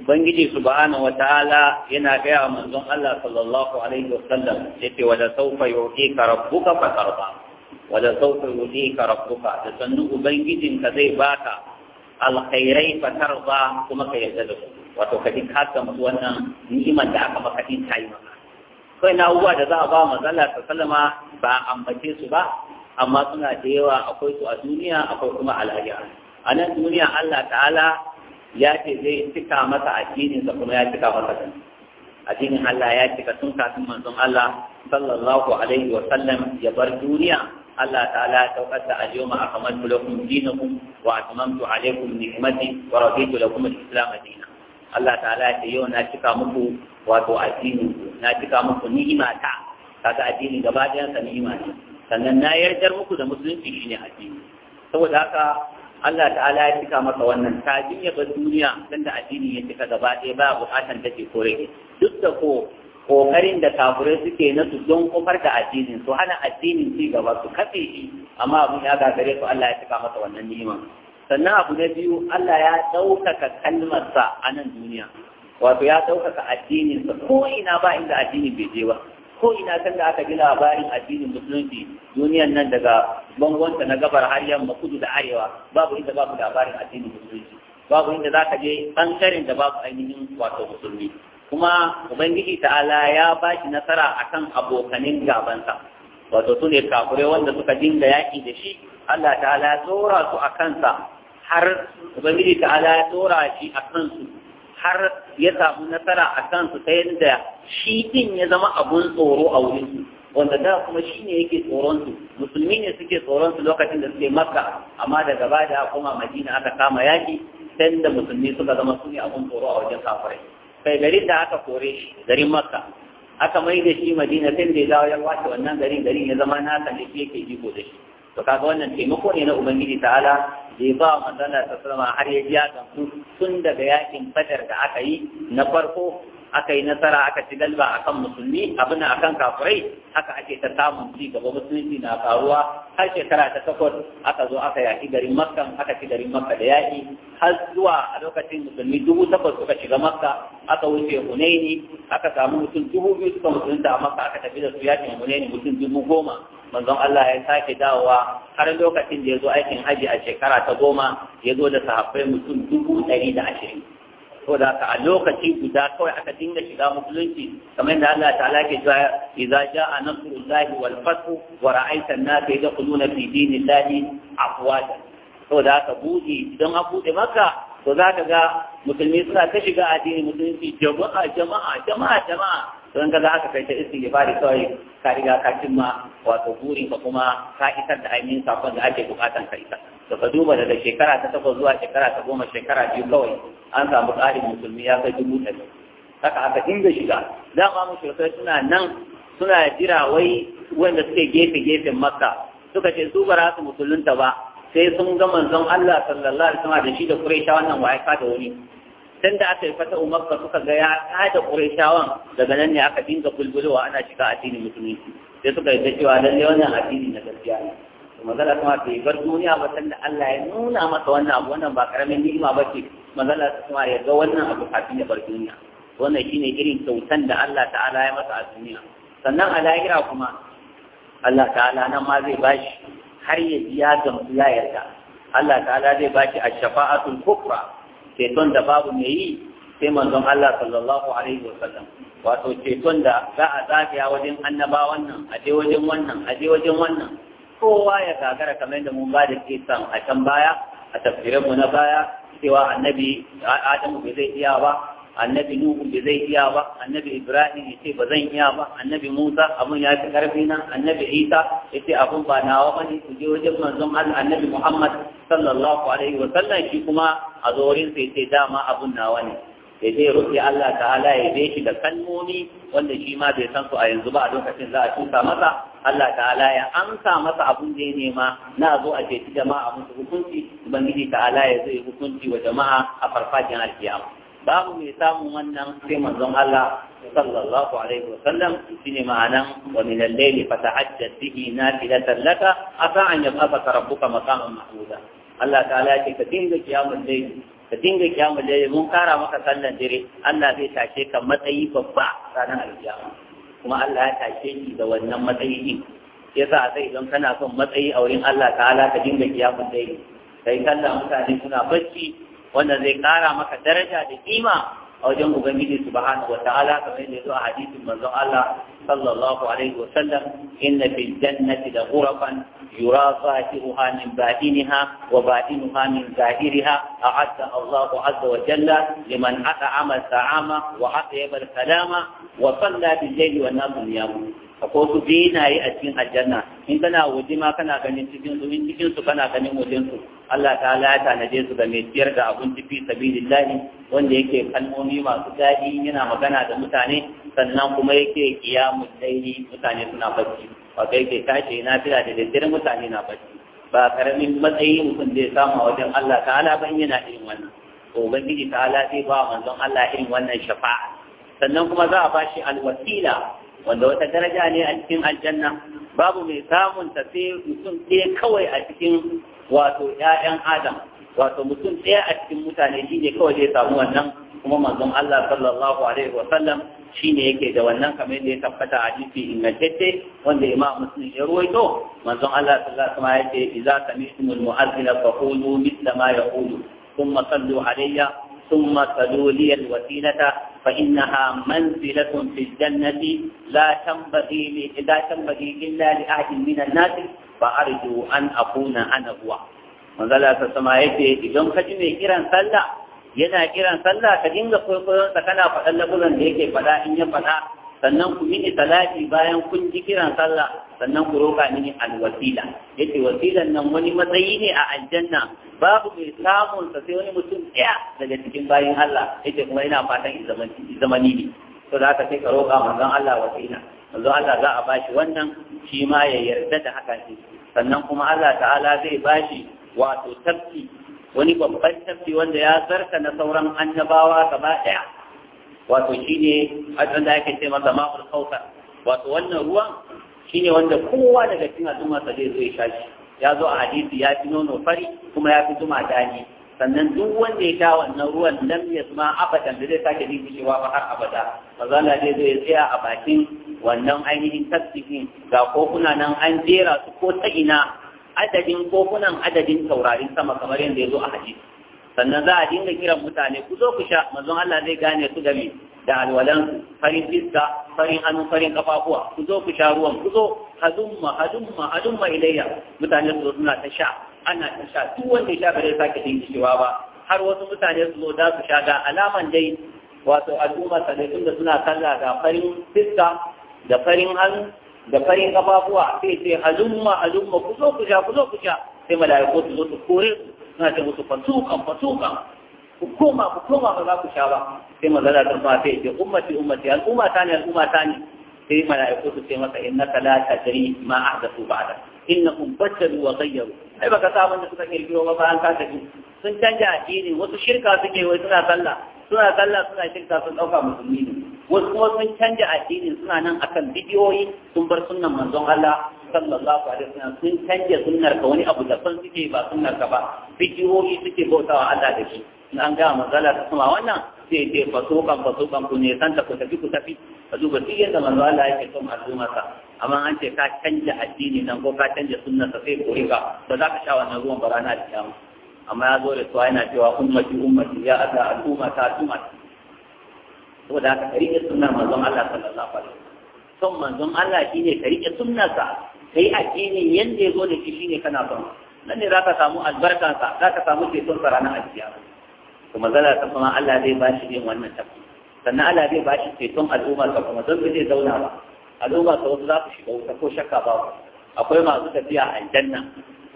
B: Ubangiji subhanahu ta’ala yana gaya manzon Allah sallallahu alaihi wasallam yace wala sawfa yu'tika rabbuka fatarda wala sautin ka rabbuka da sannu ubangijinka zai baka alkhairai fa ba kuma ka yarda da su wato ka ji ka wannan ni'imar da aka maka din tayi maka kai na uwa da za a ba matsala ta salama ba ambace su ba amma suna da yawa akwai su a duniya akwai kuma al'ajira a nan duniya Allah ta'ala ya ce zai cika masa addininsa kuma ya cika masa dani addinin Allah ya cika tun kafin manzon Allah sallallahu alaihi wa sallam ya bar duniya Allah ta'ala ya saukar da al-yawma akmaltu lakum dinakum wa atmamtu alaykum ni'mati wa raditu lakum al-islam dinan Allah ta'ala ya ce yau na cika muku wato addini na cika muku ni'ima ta kaga addini gaba ɗayan sa ni'ima ne sannan na yardar muku da musulunci shine addini saboda haka Allah ta'ala ya cika maka wannan kafin ya bar duniya dan da addini ya cika gaba ɗaya ba buƙatan take kore duk da ko kokarin da kafirai suke na su don kofar da addinin su hana addinin ci gaba su kafe shi amma abun ya gagare su Allah ya cika masa wannan ni'ima sannan abu na biyu Allah ya ɗaukaka kalmarsa a nan duniya wato ya ɗaukaka addininsa ko ina ba inda addinin bai je ba ko ina kan da aka ji labarin addinin musulunci duniyan nan daga ta na gabar har yamma kudu da arewa babu inda babu labarin addinin musulunci babu inda za ka je ɓangaren da babu ainihin wato musulmi kuma ubangiji ta'ala ya ba shi nasara akan abokanin gabansa wato su ne kafurai wanda suka dinga yaƙi da shi Allah ta'ala ya tsora su a kansa har ubangiji ta'ala ya tsora shi a kansu har ya samu nasara a kansu ta yadda shi din ya zama abun tsoro a wurinsu wanda da kuma shi ne yake tsoronsu musulmi ne suke tsoronsu lokacin da suke makka amma daga baya da koma madina aka kama yaƙi sai da musulmi suka zama su ne abun tsoro a wajen kafurai kai garin da aka kore shi garin makka aka mai da shi madina sai da dawo ya wace wannan garin garin ya zama nasa da shi yake jiko da shi to kaga wannan taimako ne na ubangiji ta'ala da ya ba wa ta ta har ya ji gamsu tun daga yakin badar da aka yi na farko aka yi nasara aka ci galba akan musulmi abin akan kafirai haka ake ta samun ci gaba musulunci na faruwa har shekara ta takwas aka zo aka yaki garin makka aka ci garin makka da yaki har zuwa a lokacin musulmi dubu takwas suka shiga makka aka wuce hunaini aka samu mutum dubu biyu suka musulunta a makka aka tafi da su yakin hunaini mutum dubu goma manzon Allah ya sake dawowa har lokacin da ya zo aikin haji a shekara ta goma ya zo da sahabbai mutum dubu ɗari da ashirin ko da a lokaci guda kawai aka dinga shiga musulunci kamar da Allah ta'ala ke cewa idza jaa nasrullahi wal fath wa ra'aita an-nasa yadkhuluna fi dinillahi afwaja ko da buɗe idan an buɗe maka to za ka ga musulmi suna ta shiga addini musulunci jama'a jama'a jama'a jama'a don ka za ka kai ta istighfari kawai ka riga ka cimma wato burin ka kuma ka isar da ainihin sakon da ake bukatan ka isar da ka duba daga shekara ta takwas zuwa shekara ta goma shekara biyu kawai an samu ƙarin musulmi ya kai dubu ɗari haka aka dinga shiga dama mushrikai suna nan suna jira wai wanda suke gefe gefen makka suka ce su ba za su musulunta ba sai sun ga manzon Allah sallallahu alaihi wasallam da shi da Quraisha wannan waye ka da wani tun da aka yi fata umarka suka ga ya kada ƙurayshawan daga nan ne aka dinga bulbulowa ana shiga addinin musulunci sai suka yi ta cewa lallai wannan addini na gaskiya ne manzala kuma bai bar duniya ba sanda Allah ya nuna masa wannan abu wannan ba karamin ni'ima ba ce manzala kuma ya ga wannan abu kafin ya bar duniya wannan shine irin kyautan da Allah ta'ala ya masa a duniya sannan a lahira kuma Allah ta'ala nan ma zai bashi har ya biya gamsu ya yarda Allah ta'ala zai bashi ash-shafa'atul kufra ceton da babu mai yi sai manzon Allah sallallahu alaihi wasallam wato ceton da za a zagaya wajen annabawan nan a je wajen wannan a je wajen wannan kowa ya gagara kamar yadda mun ba da kisan a can baya a tafsirinmu na baya cewa annabi adamu bai zai iya ba annabi nuhu bai zai iya ba annabi ibrahim ya ce ba zan iya ba annabi musa abun ya fi karfi na annabi isa ya ce abun ba nawa ba ne ku je wajen manzon allah annabi muhammad sallallahu alaihi wa sallam shi kuma a zorin wurin sai ce dama abun nawa ne ya je rufe Allah ta'ala ya je shi da kalmomi wanda shi ma bai san su a yanzu ba a lokacin za a tuka masa Allah ta'ala ya amsa masa abun da ya nema na zo a ceci jama'a musu hukunci ubangiji ta'ala ya zai hukunci wa jama'a a farfajin alkiyama babu mai samun wannan sai manzon Allah sallallahu alaihi wa sallam shine ma'anan wa min al-layli fata'ajjad bihi nafilatan laka asa an yabqa rabbuka maqaman mahmuda Allah ta'ala ya ce ka dinga kiyamul layli ka dinga kiyamul dare mun kara maka sallan dare Allah zai tashe ka matsayi babba ranar alkiyama kuma Allah ya tashe ki da wannan matsayi din yasa sai idan kana son matsayi a wurin Allah ta'ala ka dinga kiyamul dare. kai kallon mutane suna bacci wannan zai kara maka daraja da kima a wajen ubangiji subhanahu wa ta'ala, kamar yadda zo a hadisin manzon Allah sallallahu alaihi wa sallam inna fil jannati da ghurafan yura zahiruha min batiniha wa batinuha min zahiriha a a'adda Allahu azza wa jalla liman at'ama sa'ama, wa atyaba al-kalama wa salla bil layli wan nas niyamu akwai su benaye a cikin aljanna in kana waje ma kana ganin cikin su in cikin su kana ganin wajen su Allah ta ya tanaje su ga mai siyar da abinci fi sabilillahi wanda yake kalmomi masu daɗi yana magana da mutane sannan kuma yake iya layli mutane suna bacci wato yake tashi na fila da daddare mutane na bacci ba karamin matsayi mutum zai samu a wajen Allah ta ban yana irin wannan to ta ta'ala zai ba manzon Allah irin wannan shafa'a sannan kuma za a bashi alwasila wanda wata daraja ne a cikin aljanna babu mai samun ta sai mutum ɗaya kawai a cikin wato ‘ya'yan Adam, wato mutum ɗaya a cikin mutane shi ne kawai zai samu wannan kuma manzon Allah sallallahu Alaihi wasallam shi ne yake da wannan kamar yadda ya tabbata a jifi ingantacce wanda imam muslim ya ruwaito manzon Allah sallallahu Alaihi wasallam ya ce idza sami'tumul mu'azzina fa qulu mithla ma yaqulu kuma sallu alayya ثم سلوا لي الوسيلة فإنها منزلة في الجنة لا تنبغي لا تنبغي إلا لأحد من الناس فأرجو أن أكون أنا هو manzala ta sama ya ce idan ka ji mai kiran sallah yana kiran sallah ka dinga kwaikwayonsa kana faɗan labulan da yake faɗa in ya faɗa sannan ku mini salati bayan kun ji kiran sallah sannan ku roƙa mini alwasila yace wasilan nan wani matsayi ne a aljanna babu mai samun sa sai wani mutum ɗaya daga cikin bayin Allah yace kuma ina fatan in zamani ne to da haka sai ka roƙa manzon Allah wasila manzon Allah za a bashi wannan shi ma ya yarda da haka ne sannan kuma Allah ta'ala zai bashi wato tafki wani babban tafki wanda ya zarta na sauran annabawa gaba ɗaya wato shine hadisan da ake ce masa ma'ul kauta wato wannan ruwan shine wanda kowa daga cikin al'umma sa zai zo ya sha ya zo a hadisi ya fi nono fari kuma ya fi zuma dani sannan duk wanda ya sha wannan ruwan nan ya yasma abadan da zai sake jin cewa ba har abada maza na zai zo ya tsaya a bakin wannan ainihin tasirin ga kofuna nan an jera su ko ta ina adadin kofunan adadin taurarin sama kamar yadda ya zo a hadisi sannan za a dinga kiran mutane ku zo ku sha manzon Allah zai gane su da me da alwalan farin fiska farin hannu farin kafafuwa ku zo ku sha ruwan ku zo hadumma hadumma hadumma ilayya mutane su zo suna ta sha ana ta sha duk wanda ya sha ba zai sake dingishewa ba har wasu mutane su zo za su sha ga alaman dai wato al'umma sanatun da suna kalla ga farin fiska da farin hannu da farin kafafuwa sai sai halumma halumma ku zo ku sha ku zo ku sha sai mala'iku su zo su kore su suna ce musu fatukan fatukan ku koma ku koma ba za ku sha ba sai manzala ta kuma sai ce ummati ummati al'umma ta ne al'umma ta ne sai mala'iku su ce masa innaka la tadri ma ahdathu ba'da innahum badalu wa ghayyaru ai baka sa da suka kirkiro ba an ka tafi sun canja addini wasu shirka suke wai suna sallah suna sallah suna shirka sun ɗauka musulmi ne wasu kuma sun canja addinin suna nan akan bidiyoyi sun bar sunan manzon Allah sallallahu alaihi wasallam sun canja sunnar ka wani abu da san suke ba sunnar ka ba bidiyoyi suke bautawa Allah da shi in an ga matsala ta kuma wannan sai ce fasukan kan ku ne san ta ku tafi ku tafi ka duba duk yadda manzo Allah yake son al'umma ka. amma an ce ka canja addini nan ko ka canja sunnar ka sai kore ka ba za ka sha wannan ruwan barana da kyamu. amma ya zo da suwa yana cewa ummati ummati ya ata al'umma ta tuma saboda haka riƙe sunnar manzon Allah sallallahu alaihi wasallam son manzon Allah shine kariya sunnarsa kai addini yanda ya zo da shi shine kana son nan ne zaka samu albarkansa zaka samu ceton sa ranar alkiyama kuma zalla ta kuma Allah zai ba shi yin wannan tafi sannan Allah zai ba shi ceton al'umma ka kuma don zai zauna ba al'umma ka wasu za su shiga wuta ko shakka ba akwai masu tafiya a aljanna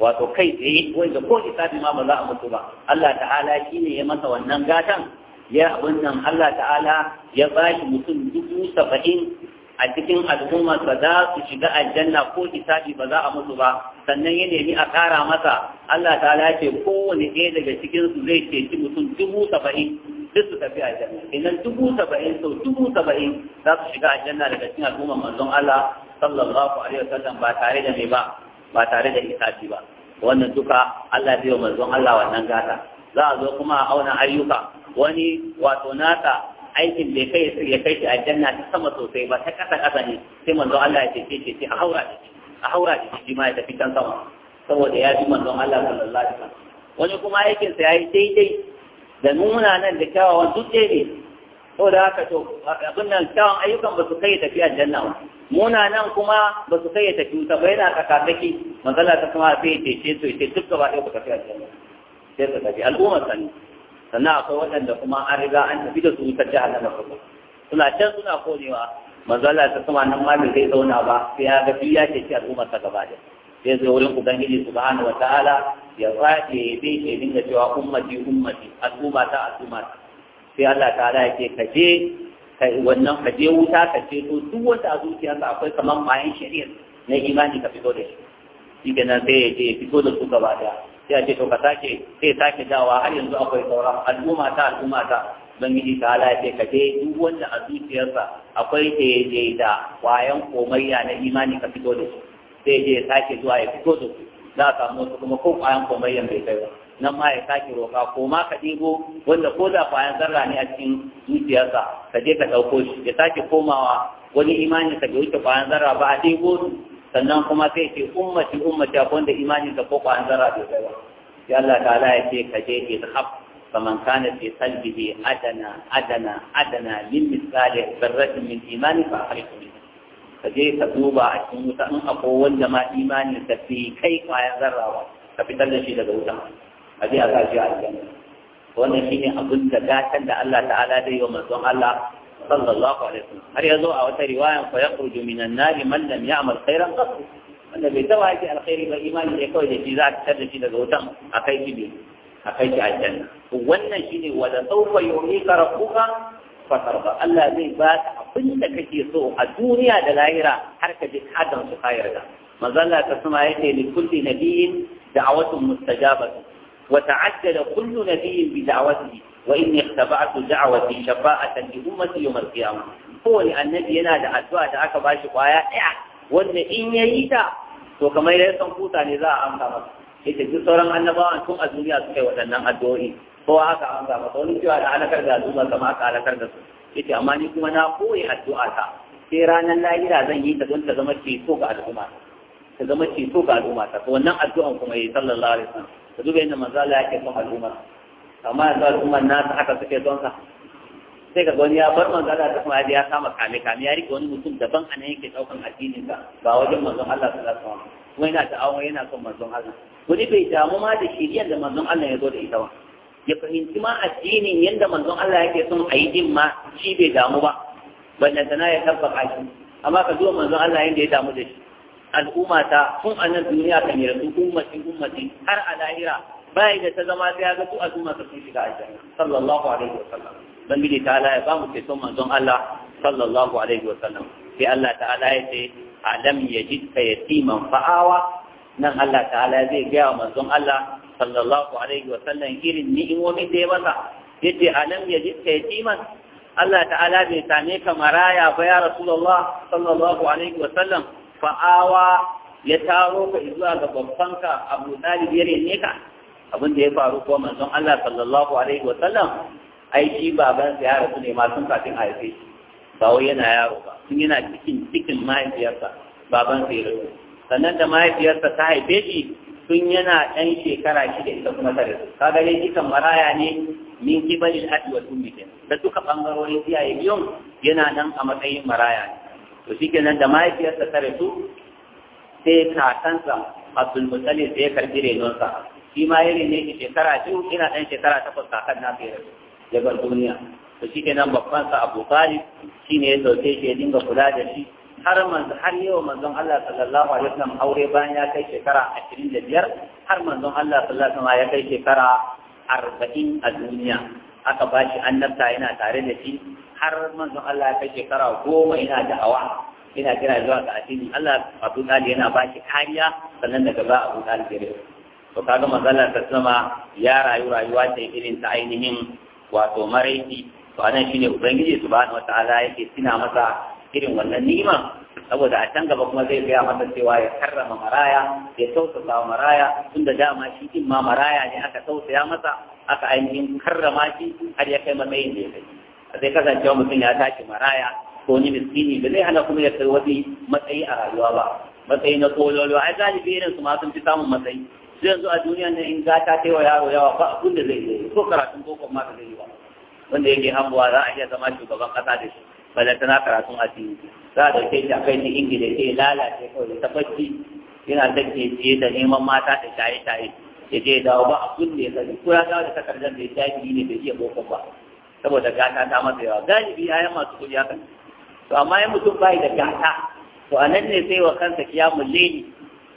B: wato kai tsaye wanda ko hisabi ma ba za a mutu ba Allah ta'ala shine ya masa wannan gatan ya abin nan Allah ta'ala ya ba shi mutum dubu saba'in a cikin al'umma ba za su shiga aljanna ko hisabi ba za a mutu ba sannan ya nemi a kara masa Allah ta lace kowane ɗaya daga cikin su zai ceci mutum dubu saba'in duk su tafi aljanna idan dubu saba'in sau dubu saba'in za su shiga aljanna daga cikin al'umma manzon Allah sallallahu alaihi wasallam ba tare da mai ba ba tare da hisabi ba wannan duka Allah zai wa manzon Allah wannan gata za a zo kuma a auna ayyuka wani wato nata aikin da kai ya kai shi aljanna ta sama sosai ba ta kasa kasa ne sai manzo Allah ya ce shi a haura da shi a haura da shi ma ya tafi can sama saboda ya ji manzo Allah sallallahu alaihi wasallam wani kuma aikin sa yayi daidai da nuna nan da kyawawan duk daidai saboda haka to abin nan kyawawan ayyukan ba su kai tafi aljanna ba muna nan kuma ba su kai tafi wuta ba yana kakakaki manzo Allah ta kuma sai ya cece sai duk gaba ɗaya ku tafi aljanna sai su tafi al'ummar sani sannan akwai waɗanda kuma an riga an tafi da su wutar jahannama kuma suna can suna konewa manzo Allah ta kuma nan ma bai zai zauna ba sai ya ga biya ce ce al'ummar ta gaba da sai zai wurin ubangiji subhanahu wataala ya zaje ya bi ke dinga cewa ummati ummati al'umma ta al'umma ta sai Allah ta'ala ya ce kaje kai wannan kaje wuta kaje to duk wanda a zuciyarsa akwai kaman bayan shari'a na imani ka fito da shi shi kenan sai ya ce fito da su gaba daya sai a ce to ka sake sai sake dawa har yanzu akwai saura al'umma ta al'umma ta yi ta halaye ka je duk wanda a zuciyarsa akwai daidai da kwayan komayya na imani ka fito da su sai je sake zuwa ya fito da su za a samu wasu kuma ko kwayan komayyan bai kai ba nan ma ya sake roƙa ko ma ka ɗebo wanda ko da kwayan zarra ne a cikin zuciyarsa ka je ka ɗauko shi ya sake komawa wani imani ka bai wuce kwayan zarra ba a ɗebo sannan kuma sai ce ummati ummati akwai wanda imanin da ko kwan zara bai kai ya Allah ta'ala ya ce ka je izhab faman kana fi qalbihi adana adana adana min misali zarratin min imani fa akhrijhu ka je ka duba a cikin wuta in akwai wanda ma imanin da fi kai kwayan zarrawa ka fitar da shi daga wuta a je a sa a aljanna wannan shine abin da gatan da Allah ta'ala zai yi wa manzon Allah صلى الله عليه وسلم هل يزوع رواية فيخرج من النار من لم يعمل خيرا قط النبي زوع هذه الخير بإيمان يقول إذا جزاك شر في لغوتم أخيت به أخيت على الجنة وانا شيني ولا سوف يعيك ربك فترضى الله زي بات أقلت كثير سوء الدنيا دلائرة حركة حدن سخير ما ظل تسمع يتي لكل نبي دعوة مستجابة وتعجل كل نبي بدعوته wa inni ikhtaba'tu da'wati shafa'atan li ummati yawm al-qiyamah kowani annabi yana da addu'a da aka bashi kwaya daya wanda in yayi ta to kamar ya san kuta ne za a amsa masa yace duk sauran annabawan tun a duniya suka yi waɗannan addu'o'i kowa aka amsa masa wani cewa da halakar da al'umma kama aka halakar da su yace amma ni kuma na koyi addu'a ta sai ranar lahira zan yi ta don ta zama ceto ga al'umma ta zama ga al'umma ta wannan addu'an kuma yi sallallahu alaihi ka duba amma yanzu al'ummar nasa haka suke don sa sai ka wani ya bar manzo Allah ta kuma ya kama kame kame ya rike wani mutum daban a nan yake daukan addinin ka ba wajen manzo Allah sallallahu alaihi wasallam kuma yana da awon yana son manzo Allah wani bai damu ma da shiriyar da manzo Allah ya zo da ita ba ya fahimci ma addinin yanda manzo Allah yake son a yi din ma shi bai damu ba sana ya tabbaka shi amma ka zuwa manzon Allah yadda ya damu da shi al'umma ta tun a duniya kan yi rasu ummatin ummatin har a lahira bai da ta zama sai ga su azuma ta sun shiga aljanna sallallahu alaihi wasallam dan bi ta'ala ya ba mu ce son manzon Allah sallallahu alaihi wasallam sai Allah ta'ala ya ce alam yajidka yatiman fa'awa nan Allah ta'ala zai gaya wa manzon Allah sallallahu alaihi wasallam irin ni'imomin da ya masa yace alam yajidka yatiman Allah ta'ala bai same ka maraya ba ya Rasulullah sallallahu alaihi wa sallam fa'awa ya taro ka zuwa ga babban ka Abu Talib ya rene ka abin da ya faru ko manzon Allah sallallahu alaihi wa sallam ai shi baban sa ya rasu ne ma kafin a haife shi ba wai yana yaro ba Sun yana cikin cikin mahaifiyarsa baban sa ya rasu sannan da mahaifiyarsa ta haife shi sun yana ɗan shekara shida ita kuma ta rasu kaga dai dukan maraya ne min kibalil abi wa ummi da duka bangarorin iyaye biyun yana nan a matsayin maraya ne to shikenan da mahaifiyarsa ta rasu sai kakansa Abdul Muttalib sai ya karbi renonsa shi ma ya ne shi shekara biyu ina ɗan shekara takwas kakan na fiye ya duniya to shi kenan babban sa Abu Talib shi ne ya dauke shi ya dinga kula da shi har manzo har yau manzon Allah sallallahu alaihi wasallam aure bayan ya kai shekara 25 har manzon Allah sallallahu alaihi wasallam ya kai shekara 40 a duniya aka ba shi annabta yana tare da shi har manzon Allah ya kai shekara goma ina da hawa ina kira zuwa ga addini Allah Abu Talib yana ba shi kariya sannan daga ba Abu Talib ya to kaga matsalar ta zama ya rayu rayuwa ce irin ta ainihin wato maraici to anan shine ubangiji subhanahu wataala yake tina masa irin wannan ni'ima saboda a can gaba kuma zai gaya masa cewa ya karrama maraya ya tausasa maraya tunda dama shi din ma maraya ne aka tausaya masa aka ainihin karrama shi har ya kai matsayin da ya kai zai kasance mutum ya tashi maraya ko ni miskini ba zai hana kuma ya kai wani matsayi a rayuwa ba matsayi na kololo ai galibi irin su ma sun fi samun matsayi sai yanzu a duniya ne in gata ta yi wa yaro yawa ba abin da zai yi ko karatun boko ma ba zai yi ba wanda yake hambuwa za a iya zama shugaban kasa da shi balle tana karatun cikin za a dauke shi a kai ni ingila ke lalace kawai ta bacci yana ke fiye da neman mata da shaye-shaye ya je dawo ba abin da ya sani ko ya dawo da takardar da ya shafi ne bai iya boko ba saboda gata ta masa yawa galibi ya masu kuɗi hakan to amma yin mutum bai da gata to a nan ne sai wa kansa kiyamun leni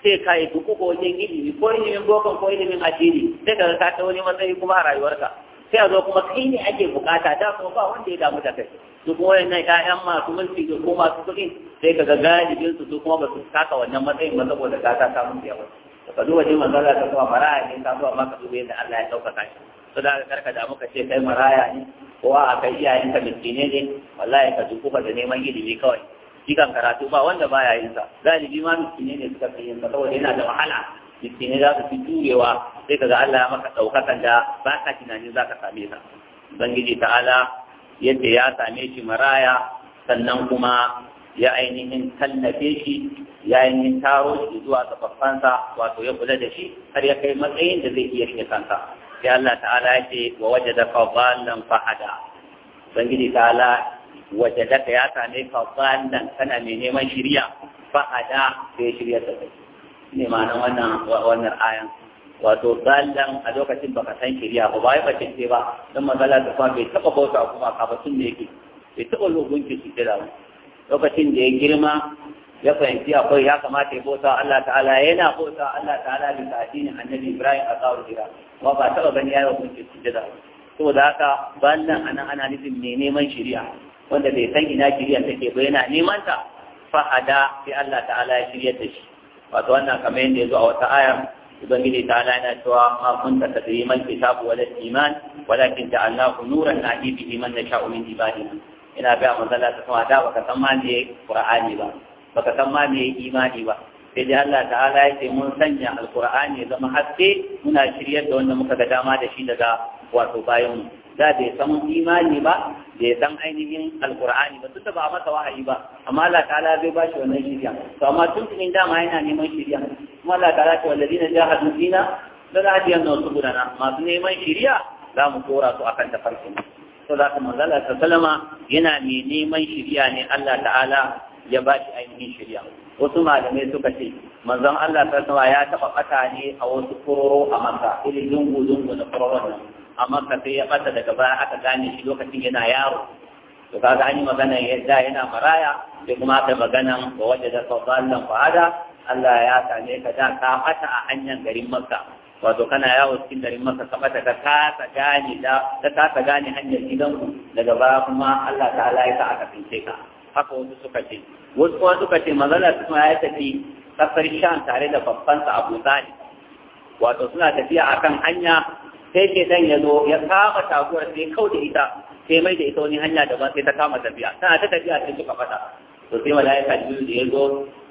B: sai ka yi duku ko wajen ilimi ko ilimin boko ko ilimin addini sai ka ka ta wani matsayi kuma a rayuwarka sai a zo kuma kai ne ake bukata da kuma ba wanda ya damu da kai su kuma wayannan ƴaƴan masu mulki da ko masu kuɗi sai ka ga galibin su su kuma ba su saka wannan matsayin ba saboda ka ta samu da ka duba jin manzala ta kuma maraya ne ta zuwa maka duba yadda Allah ya ɗaukaka shi to da karka damu ka ce kai maraya ne ko a kai iyayenka miskine ne wallahi ka duku ka da neman ilimi kawai jikan karatu ba wanda baya yin sa galibi ma miskine ne suka fi yin sa saboda yana da wahala miskine za su fi jurewa sai kaga Allah ya maka daukakan da ba ka tunanin za ka same ta ubangiji ta'ala yadda ya same shi maraya sannan kuma ya ainihin tallafe shi ya ainihin taro shi zuwa sa. wato ya kula da shi har ya kai matsayin da zai iya shi kansa sai Allah ta'ala ya ce wa wajada fadalan fahada ubangiji ta'ala wajadaka ya same ka nan kana mai neman shirya da sai shirya ta kai ne ma'anar wannan wannan ayan wato zallan a lokacin baka san shirya ba bai ba ce ba dan magana da kuma bai taba bauta kuma ka batun da yake bai taba lokacin ki shi da lokacin da ya girma ya fahimci akwai ya kamata ya bauta Allah ta'ala yana bauta Allah ta'ala bi addinin Annabi Ibrahim a tsawon jira ba ba taba gani ya yayin hukunci sujada saboda haka ba nan ana nufin ne neman shirya wanda bai san ina shirya take ba yana neman ta fahada sai Allah ta'ala ya shirya da shi wato wannan kamar yadda ya zo a wata aya ubangiji ta'ala yana cewa ma kunta tadri man kitabu wala iman walakin ja'alnahu nuran bi iman da nasha'u min ibadina ina ga manzala ta kuma da baka san ma me qur'ani ba baka san ma me imani ba sai dai Allah ta'ala ya ce mun sanya alqur'ani zama haske muna shiryar da wanda muka ga dama da shi daga wato bayan mu da bai san imani ba ya san ainihin alkur'ani ba Su ta ba a masa wahayi ba amma Allah ta'ala zai ba shi wannan shirya to amma tun dama yana neman shirya kuma Allah ta'ala ce a jahadu na wasu gudana. masu neman shirya za mu kora su akan tafarkin to za ka maza ta salama yana mai neman shirya ne Allah ta'ala ya ba shi ainihin shirya wasu malamai suka ce manzon Allah ta ya taɓa ɓata ne a wasu kororo a masa irin dungu dungu da kororon nan a makka sai ya bata daga baya aka gane shi lokacin yana yaro to kaga an yi magana yadda yana maraya sai kuma aka magana wa wajen da sallan fahada Allah ya same ka da ka bata a hanyar garin makka wato kana yawo cikin garin makka ka bata ka kasa gane da ka kasa gane hanyar gidanku daga baya kuma Allah ta'ala ya sa aka fice ka haka wasu suka ce wasu kuma suka ce magana kuma ya tafi kasar shan tare da babbansa abu talib wato suna tafiya akan hanya sai ce dan ya zo ya kama taguwar sai kau da ita sai mai da ita wani hanya daban sai ta kama tafiya tana ta tafiya sai suka fata to sai malaika biyu da ya zo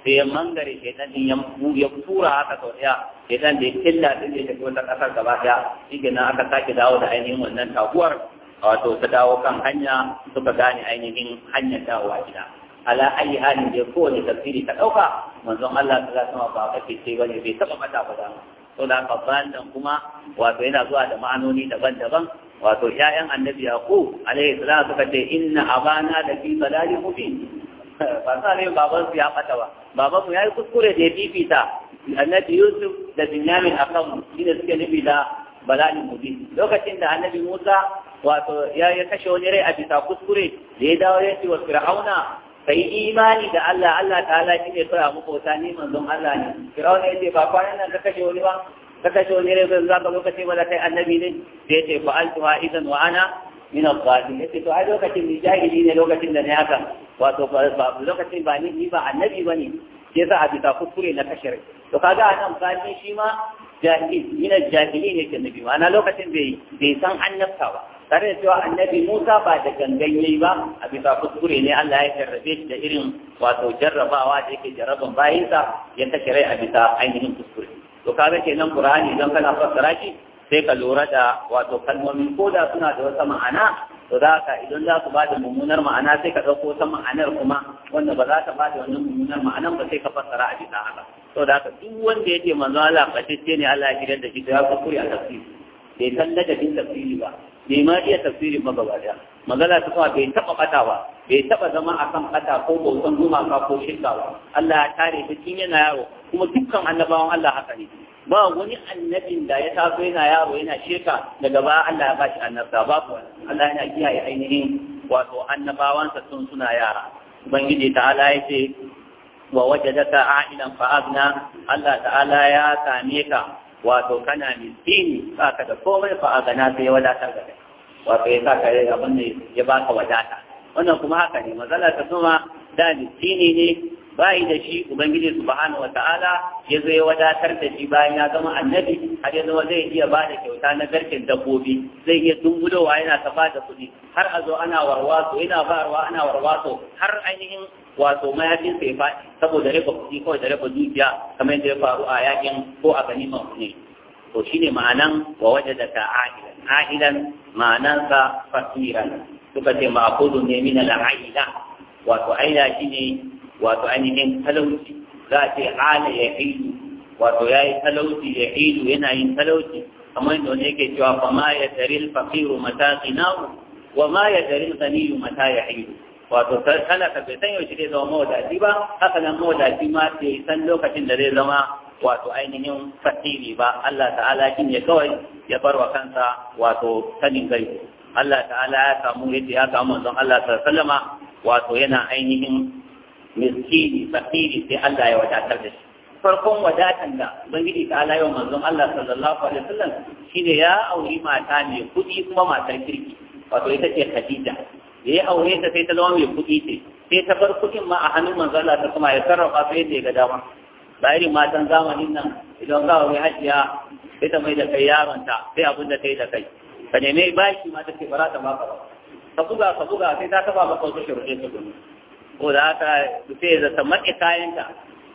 B: sai ya mangare shaitan din ya tura haka sau daya sai da ya killa din ya tafi wata kasar gaba daya shi kenan aka sake dawo da ainihin wannan taguwar wato ta dawo kan hanya suka gane ainihin hanyar dawowa gida ala ayi halin da kowane tafsiri ta ɗauka manzon Allah ta zama ba kake ce bane bai taɓa mata ba dama saboda da kafan nan kuma wato yana zuwa da ma'anoni daban-daban wato 'ya'yan annabi yaqub alaihi salam suka ce inna abana da fi balali mubin ba sa ne baban su ya fata ba baban mu yayi kuskure da bibita annabi yusuf da binyamin akan shine suke nufi da balali mubin lokacin da annabi musa wato ya kashe wani rai a bisa kuskure da ya dawo ya ce wa fir'auna kai imani da Allah Allah ta'ala shi ne kawai muku wata ni manzon Allah ne Firaun ya ce ba kwanan nan ka kashe wani ba ka kashe wani ne zan zaka lokaci ba da kai annabi ne da ya ce fa'altu ha idan wa ana min al-qadim yace to a lokacin ni jahili ne lokacin da ne haka wato ba lokacin ba ni ba annabi bane sai sa a bisa kuskure na kashe to kaga a nan bani shi ma jahil mina jahili ne ke nabi ma'ana lokacin bai san annabta ba tare da cewa annabi Musa ba da gangan yayi ba a bisa kuskure ne Allah ya jarrabe shi da irin wato jarrabawa da yake jarraban bayinsa ya kashe rai a bisa ainihin kuskure to kaga kenan Qur'ani idan kana fassara shi sai ka lura da wato kalmomi ko da suna da wata ma'ana to za ka idan za su ba da mummunar ma'ana sai ka ɗauko wata ma'anar kuma wanda ba za ta ba wannan mummunar ma'anar ba sai ka fassara a bisa haka saboda haka duk wanda yake manzo Allah fatacce ne Allah ya da shi ya kuskure a tafsiri bai san ladabin tafsiri ba bai ma iya tafsirin ba gaba daya magana ta kuma bai taba kata ba bai taba zama akan kata ko bautan gumaka ko shirka ba Allah ya tare ta tun yana yaro kuma dukkan annabawan Allah haka ne ba wani annabin da ya taso yana yaro yana shirka daga ba Allah ya ba shi annabta babu Allah yana kiyaye ainihin wato annabawansa sun suna yara ubangiji ta'ala ya ce wa wajadaka a'ilan fa na, Allah ta'ala ya same ka wato kana ba ka da komai fa sai wadatar da kai wato ya saka abin da ya baka wadata wannan kuma haka ne matsalar ta kuma da miskini ne yi da shi ubangiji subhanahu wataala ya zo ya wadatar da shi bayan ya zama annabi har ya zama zai iya ba da kyauta na garkin dabbobi zai iya dumbudowa yana ta da kuɗi har a zo ana warwaso yana barwa ana warwaso har ainihin wato mayafin sai faɗi saboda raba kuɗi kawai da raba dukiya kamar yadda ya faru a yakin ko a ganiman ne to shine ma'anan wa ta ahilan ahilan ma'anansa fasiran suka ce ma'akudun ne min al'aila wato aila shine wato ainihin talauci za a ce ala ya ilu wato ya yi talauci ya ilu yana yin talauci kamar yadda wani yake cewa fa ma ya taril faqiru mata qinahu wa ma ya taril ghaniyu mata ya ilu wato talaka bai san yaushe zai zama mawadaci ba haka nan mawadaci ma bai san lokacin da zai zama wato ainihin fasiri ba Allah ta'ala shi ne kawai ya bar wa kansa wato sanin kai, Allah ta'ala ya samu yadda ya samu manzon Allah sallallahu alaihi wato yana ainihin miskini fakiri sai Allah ya wadatar da shi farkon wadatan da ubangiji ta Allah yau manzon Allah sallallahu alaihi wasallam shine ya auri mata mai kuɗi kuma matar kirki wato ita ce Khadija da ya aure ta sai ta zama mai kuɗi ce sai ta bar kuɗin ma a hannun manzon Allah ta kuma ya sarrafa sai da ga dama ba irin matan zamanin nan idan ka aure hajiya sai ta mai da kai yaronta sai abin da ta yi da kai ka nemi bashi ma ta ce ba za ta ba ka buga ka buga sai ta taba maka wasu shirye su ko da haka sai ya zata matse kayanta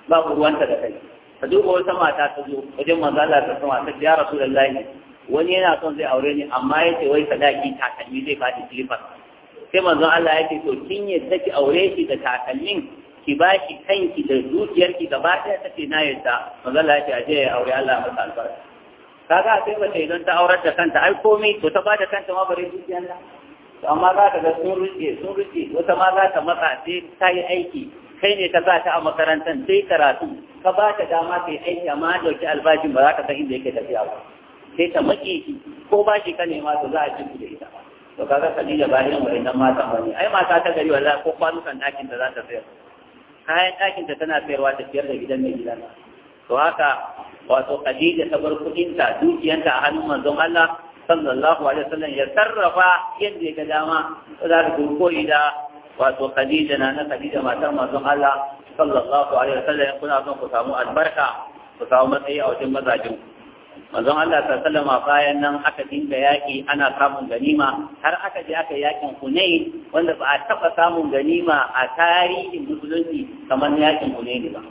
B: ba ruwanta da kai ka duba wata mata ta zo wajen manzo Allah ta sama ta ya rasulullahi wani yana son zai aure ni amma yace wai sadaki takalmi zai faɗi silifar sai manzo Allah yake to kin yadda ki aure shi da takalmin ki ba shi kanki da zuciyarki gaba ɗaya take na yadda manzo Allah yake aje ya aure Allah ya masa albarka kaga sai mace idan ta aurar da kanta ai komai to ta ba da kanta ma bare zuciyarta amma za ka ga sun rike sun rike wata ma za ta matsa sai ta yi aiki kai ne ka sa ta a makarantar sai karatu ka ba ta dama ta yi aiki amma an dauki albashin ba za ka san inda yake tafiya ba sai ta maƙe shi ko ba shi ka nema to za a ci da ita to kaga Sani da irin waɗannan matan ba ne ai mata ta gari wallahi ko kwanukan ɗakin da za ta sayar kayan ɗakin ta tana sayarwa ta fiye da gidan mai gidan to haka wato Khadija ta bar kuɗinta dukiyanta a hannun manzon Allah sallallahu alaihi wasallam ya sarrafa yadda ya ga dama za ta koyi da wato Khadija na na Khadija matar manzon Allah sallallahu alaihi wasallam kuna son ku samu albarka ku samu matsayi a wajen mazajin manzon Allah sallallahu alaihi bayan nan aka dinga yaki ana samun ganima har aka je aka yakin Hunayn wanda ba a taba samun ganima a tarihin musulunci kamar yakin Hunayn ba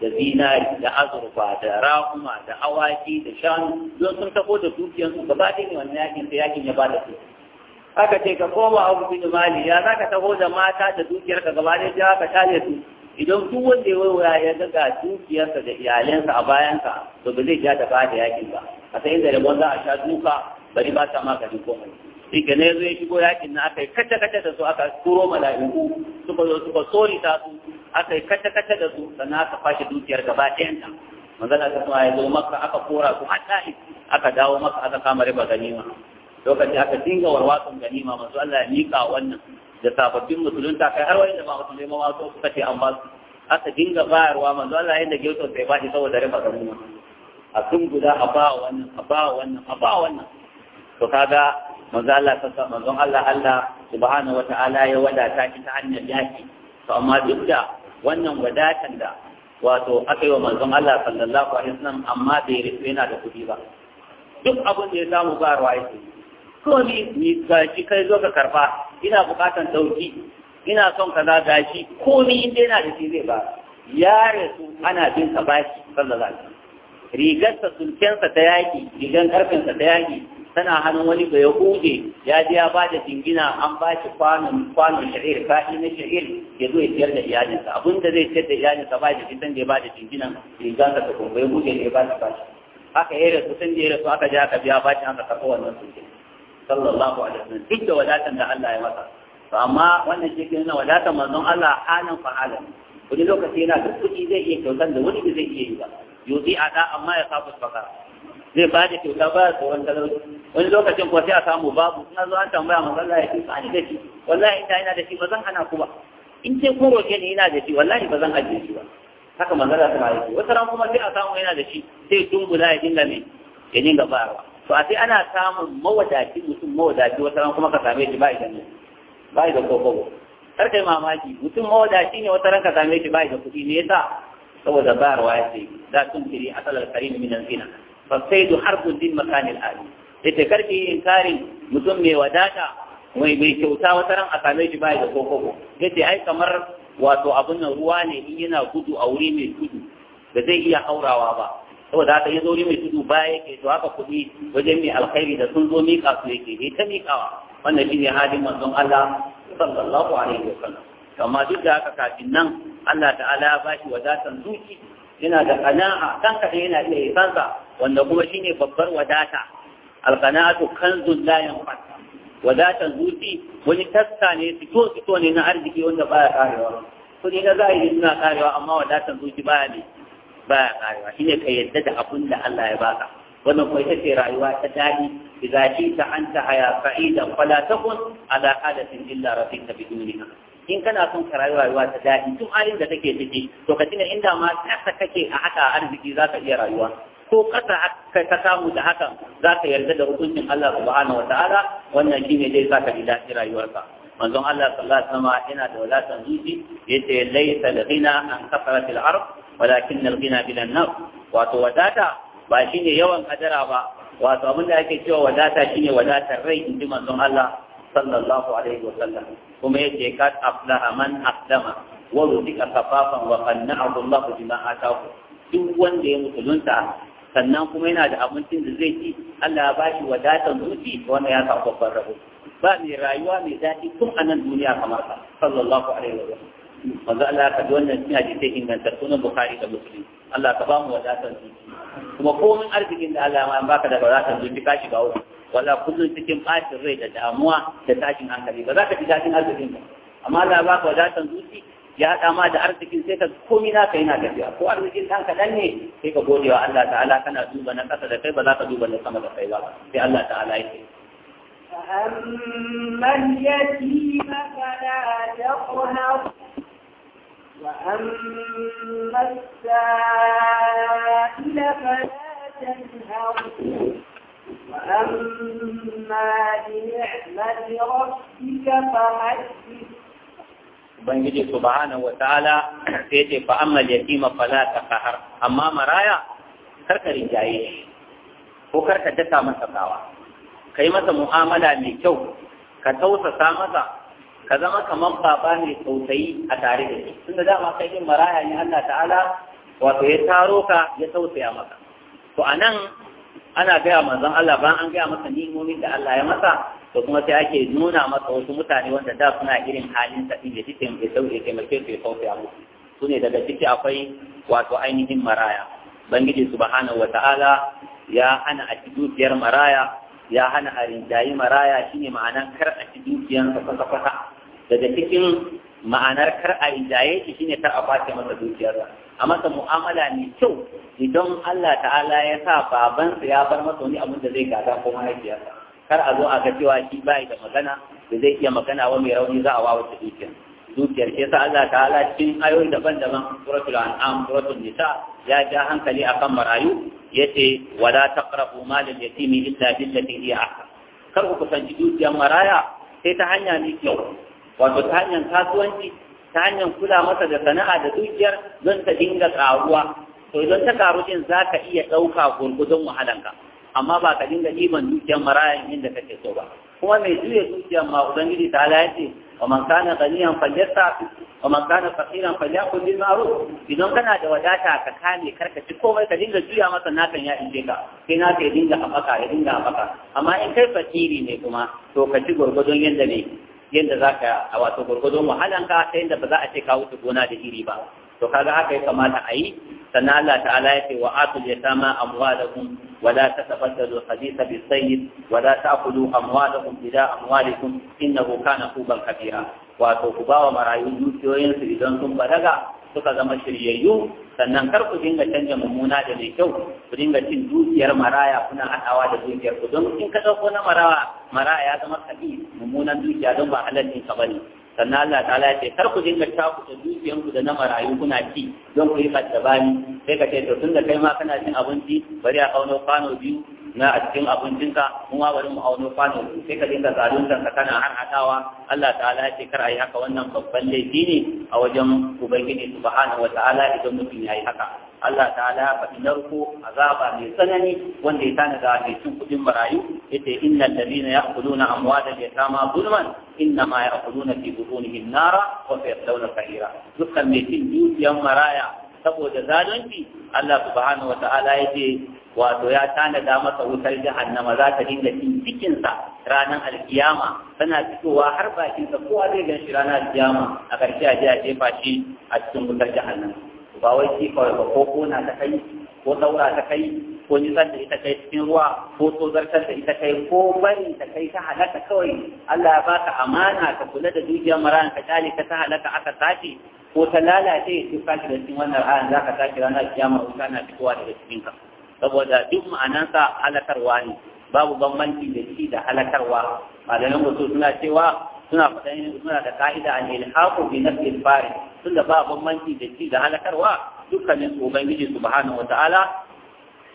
B: da zinari da azurfa da rahuma da awaki da shanu don sun taho da dukiyansu gaba ɗaya wannan yakin sai yakin ya bada su Haka ce ka koma abu bin mali ya zaka taho da mata da dukiyar ka gaba ɗaya ka tare su idan duk wanda ya waya ya ga dukiyarsa da iyalansa a bayansa to ba zai ja da bada yakin ba a sai da rabon za a sha duka bari ba ta maganin komai Sai ka ne zo ya shigo yakin na aka yi kacce kacce da su aka turo mala'iku suka zo suka sori ta su aka yi kata-kata da su sannan aka kwashe dukiyar gaba ɗayan ta manzala ta kuma ya zo maka aka kora su har ɗa'i aka dawo maka aka kama riba ganima Lokacin aka dinga warwatsun ganima masu Allah ya miƙa wannan da sababbin musulunta kai har wani da ba musulmai ma wasu suka ce an ba su aka dinga bayarwa manzo Allah yanda gilton sai ba shi saboda riba ganima a sun guda a ba wannan a ba wannan a ba wannan to kaga manzo Allah sassa manzon Allah Allah subhanahu wataala ya wadata shi ta hanyar yaki to amma duk da wannan wadatan da wato aka yi wa manzon Allah sallallahu alaihi wasallam amma bai rufe yana da kuɗi ba duk abin da ya samu ba ruwa yake komi ni gashi kai zo ka karba ina bukatan dauki ina son kaza gashi komi inda yana da shi zai ba ya rasu ana bin ka shi sallallahu alaihi wasallam rigarsa sulkensa ta yaki rigan karfinsa ta yaki tana hannun wani bai hude ya je ya ba da jingina an ba shi kwanon kwanon sha'ir kashi na sha'ir ya zo ya siyar da iyalinsa da zai siyar da iyalinsa ba da fitan da ya ba da jinginan riga ta ta kuma ya hude da ya ba shi kashi aka yi rasu sun je ya rasu aka je aka biya ba shi aka karɓi wannan sunce sallallahu alaihi wasallam duk da wadatan da Allah ya masa to amma wannan shi ke nuna wadatan manzon Allah halin fa halin wani lokaci yana duk kuɗi zai iya kyautar da wani zai iya yi ba yuzi a da amma ya sabu fakara zai ba da kyauta ba da tsoron talauci wani lokacin kuwa sai a samu babu na zo an tambaya manzo Allah ya ce ba ni da shi wallahi ina ina da shi ba zan hana ku ba in ce kun roke ni ina da shi wallahi ba zan ajiye shi ba haka manzo Allah ta yi wata ran kuma sai a samu yana da shi sai dungula ya dinga mai, ya dinga bayarwa to a sai ana samun mawadaci mutum mawadaci wata ran kuma ka same shi ba idan ne ba idan gogogo kar kai mamaki mutum mawadaci ne wata ran ka same shi ba idan kuɗi me yasa saboda bayarwa ya ce za tun kiri asalar karimi minan al fasaidu harbun din makanil ali ita karki inkarin mutum mai wadata mai mai kyauta wata ran a same shi bai da kokoko yace ai kamar wato abin nan ruwa ne in yana gudu a wuri mai tudu da zai iya haurawa ba saboda haka ya zo wuri mai tudu baya yake to haka kuɗi wajen mai alkhairi da sun zo miƙa su yake ya ta miƙawa wannan shine halin manzon Allah sallallahu alaihi wasallam amma duk da haka kafin nan Allah ta'ala ya bashi wadatan zuci yana da ƙana'a, kan kaɗai yana iya yi wanda kuma shine babbar wadata alqana'atu kanzun la yanfat wadatan zuci wani tasta ne fito fito ne na arziki wanda baya karewa kuɗi na zahiri suna karewa amma wadatan zuci baya ne baya karewa shine ka yadda da abin da Allah ya baka wannan kuma ita ce rayuwa ta daɗi idza shi ta anta haya sa'idan fala takun ala hadatin illa rafita biduniya in kana son ka rayu rayuwa ta daɗi tun halin da take ciki to ka tuna inda ma ƙasa kake a haka arziki za ka iya rayuwa ko kasa ka ta samu da hakan za ka yarda da hukuncin Allah subhanahu wa ta'ala wannan shine zai sa ka ji daɗin rayuwarka manzon Allah sallallahu alaihi wasallam yana da wadatan zuci yace laysa al-ghina an kasrat al-arab walakin al-ghina bil an wato wadata ba shine yawan kadara ba wato abin da ake cewa wadata shine wadatar rai inji manzon Allah sallallahu alaihi wa sallam kuma yake kad aflaha man aqdama wa ruzika safafan wa qanna'ahu Allah bima ku. duk wanda ya musulunta sannan kuma yana da abincin da zai ci Allah ya bashi wadatan zuci wanda ya samu babban rabo ba mai rayuwa mai daɗi tun a nan duniya kamar ka? sallallahu alaihi wa sallam manzo Allah ka ji wannan cikin hadisai ingantattu na Bukhari da Muslim Allah ka ba mu wadatar zuci kuma komai arzikin da Allah ya baka da wadatar zuci ka shiga uku wala kullum cikin ɓacin rai da damuwa da tashin hankali ba za ka ji daɗin arzikin ba amma za ba ka wadatan zuci ya haɗa ma da arzikin sai ka komi na kai na tafiya ko arzikin ɗan kaɗan ne sai ka gode wa Allah ta'ala kana duba na ƙasa da kai ba za ka duba na sama da kai ba sai Allah ta'ala ya ce
A: فأما اليتيم فلا تقهر وأما السائل فلا تنهر وأما بنعمة ربك
B: Ubangiji subhanahu wa ta'ala sai ce fa amma yatima fala ta kahar amma maraya karka rinjaye ko karka dasa masa kawa. Ka yi masa mu'amala mai kyau ka tausasa masa ka zama kamar baba mai tausayi a tare da shi tunda dama kai yin maraya ne Allah ta'ala wato ya taro ka ya tausaya maka to anan ana gaya manzon Allah bayan an gaya masa ni'imomin da Allah ya masa to kuma sai ake nuna masa wasu mutane wanda da suna irin halin sa da shi ya sauke taimake su ya sauke a musu su ne daga ciki akwai wato ainihin maraya bangiji subhanahu wata'ala ya hana a ci dukiyar maraya ya hana a rinjayi maraya shine ma'anan kar a ci dukiyar kwata daga cikin ma'anar kar a rinjaye shi shine kar a kwace masa dukiyar a masa mu'amala mai kyau idan Allah ta'ala ya sa baban babansa ya bar masa wani abin da zai gada ko mahaifiyarsa kar a zo a ga cewa shi bai da magana da zai iya magana wa mai rauni za a wawo ta dukiyar dukiyar sai sa Allah ta'ala cikin ayoyi daban-daban suratul an'am suratul nisa ya ja hankali akan marayu yace wala taqrabu malal yatimi illa billati hiya ahsan kar ku kusanci dukiyar maraya sai ta hanya mai kyau wato ta hanyar kasuwanci ta hanyar kula masa da sana'a da dukiyar don ta dinga karuwa to idan ta karu din za ka iya ɗauka gurgudun wahalanka amma ba ka dinga ɗiban dukiyar marayan inda kake so ba kuma mai juya dukiyar ma ubangiji ta ala ya ce wa man kana ganiyan falyasta wa man kana faqiran falyakul bil ma'ruf idan kana da wadata ka kame karka ci komai ka dinga juya masa nakan ya inje ka sai na ka dinga haɓaka ya dinga haɓaka amma in kai fakiri ne kuma to ka ci gurgudun yadda ne yadda za ka a wato gwargwadon wahalanka ta yadda ba za a ce ka wuce gona da iri ba to kaga haka ya kamata a yi sannan Allah ta'ala ya ce wa atul yatama amwalakum wa la tatabaddalu al-haditha bis-sayyid wa la ta'kulu amwalakum bila amwalikum innahu kana huban kabira wato ku bawa marayu su idan sun balaga suka zama shiryayyu sannan kar ku dinga canja mummuna da mai kyau ku dinga cin dukiyar maraya kuna haɗawa da dukiyar ku don in ka ɗauko na maraya maraya ya zama kaɗi mummunan dukiya don ba halalcin ka bane sannan Allah ta'ala ya ce kar ku dinga taku da dukiyan ku da na marayu kuna ci don ku yi kaddabani sai ka ce to tunda kai ma kana cin abinci bari a kauno kwano biyu na a cikin abincinka mun ma bari mu auno kwano sai ka dinga zaluntar ka kana har hadawa Allah ta'ala ya ce kar ayi haka wannan babban laifi ne a wajen ubangiji subhanahu wata'ala idan mutum yayi haka Allah ta'ala ya faɗi narko azaba mai tsanani wanda ya tanada mai cin kuɗin marayu yace inna ladina ya'kuluna amwalal yatama zulman inna ma ya'kuluna fi butunihim nara wa sayasawna sa'ira dukkan mai cin dukiyar maraya saboda zalunci Allah subhanahu wata'ala ya ce wato ya tanada masa wutar jahannama za ta dinga cin cikinsa ranar alkiyama tana fitowa har bakinsa kowa zai gan shi ranar alkiyama a ƙarshe a jiya jefa shi a cikin wutar jahannama ba wai shi ba ko kona ta kai ko saura ta kai ko nisan da ita kai cikin ruwa ko ta da ita kai ko bari ta kai ta halaka kawai Allah ya baka amana ka kula da dukiyar maran ka kyale ka ta halaka aka tashi ko ta lalace duk ka da cikin wannan ra'ayin za ka tashi ranar kiyama wuta na fitowa daga cikin ka. saboda duk ma'anansa halakarwa ne babu bambanci da shi da halakarwa malamin wasu suna cewa suna ne suna da ka'ida a ilhaqu bi nafsil Tun da ba bambanci da shi da halakarwa dukkanin ubangiji subhanahu wataala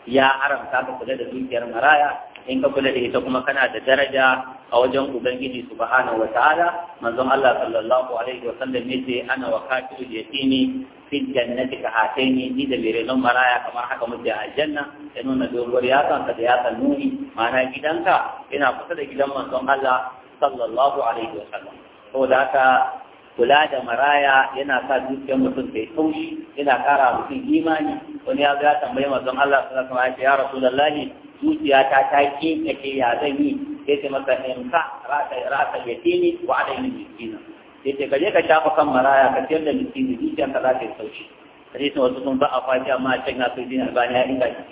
B: ya haramta ka kula da dukiyar maraya in ka kula da ita kuma kana da daraja a wajen ubangiji subhanahu wataala manzon Allah sallallahu alaihi wasallam yace ana wa kafiru yatini fi jannati ka hataini ni da mirelon maraya kamar haka muke a aljanna ya nuna doguwar yatsan da yatsan nuni ma'ana gidanka yana kusa da gidan manzon Allah sallallahu alaihi wasallam saboda haka kula da maraya yana sa dukiyar mutum ta yi taushi yana kara mutum imani wani ya ga ya tambayi manzon Allah sallallahu alaihi wasallam ya rasulullahi zuciyata ta ke kake ya zan yi sai ce masa himka rasa ya tini wa ada yin miskina sai ce gaje ka shafa kan maraya ka sayar da miskini zuciyarka za ta yi sauci hadisin wasu sun ba a fashi amma a cikin nasu jin albani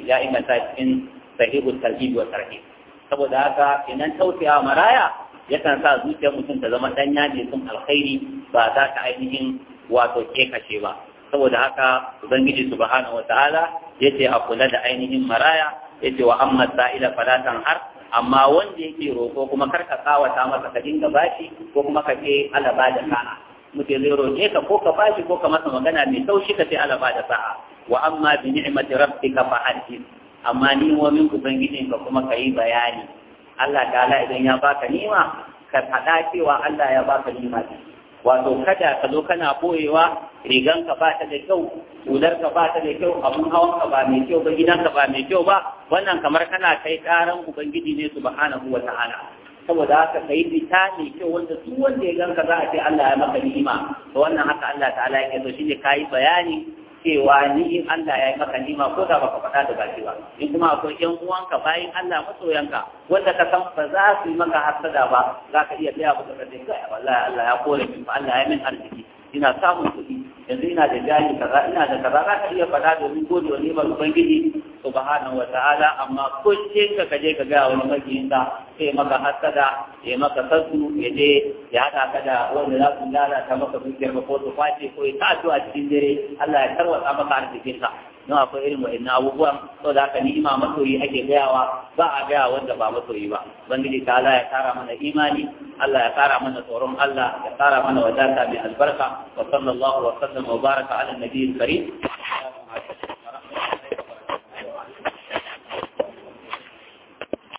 B: ya inganta cikin sahihul tarhibi wa tarhib saboda haka idan tausaya maraya yakan sa zuciyar mutum ta zama danya ne sun alkhairi ba za ta ainihin wato kashe ba saboda haka ubangiji subhanahu wataala yace a kula da ainihin maraya yace wa amma sa'ila fala tanhar amma wanda yake roko kuma kar ka kawata masa ka dinga bashi ko kuma ka ce ala ba da sa'a muke zai roƙe ka ko ka bashi ko ka masa magana mai taushi ka ce ala ba da sa'a wa amma bi ni'mati rabbika fa hadith amma ni momin ubangijin ka kuma kai bayani Allah ta'ala idan ya baka nima ka fada cewa Allah ya baka nima wato kada ka zo kana boyewa riganka ba ta da kyau hudarka ba ta da kyau abun hawanka ba mai kyau ba gidanka ba mai kyau ba wannan kamar kana kai karan ubangiji ne subhanahu wa ta'ala saboda haka kai fita mai kyau wanda duk wanda ya ganka za a ce Allah ya maka ni'ima to wannan haka Allah ta'ala yake so shine kai bayani cewa ni in Allah ya yi maka nima ko da baka faɗa da baki ba in kuma akwai ƴan uwanka bayan Allah masoyanka wanda ka san ba za su yi maka hasada ba za ka iya tsaya maka ka dinga wallahi Allah ya kore min Allah ya min arziki ina samun kuɗi yanzu ina da jani kaza ina da kaza za ka iya faɗa domin gode wa neman ubangiji subhanahu wa ta'ala amma kullum ka kaje ka ga wani makiyin ka sai maka hasada ya maka sassu ya je ya hada ka da wanda za su lalata maka dukiyar ko su kwace ko ya ta a cikin dare Allah ya tarwatsa maka arzikin ka don akwai irin wa'annan abubuwan so da aka ni'ima masoyi ake gayawa ba a gaya wanda ba masoyi ba ubangiji ta Allah ya kara mana imani Allah ya kara mana tsoron Allah ya kara mana wadata mai albarka wa sallallahu wa sallam wa baraka ala nabiyil karim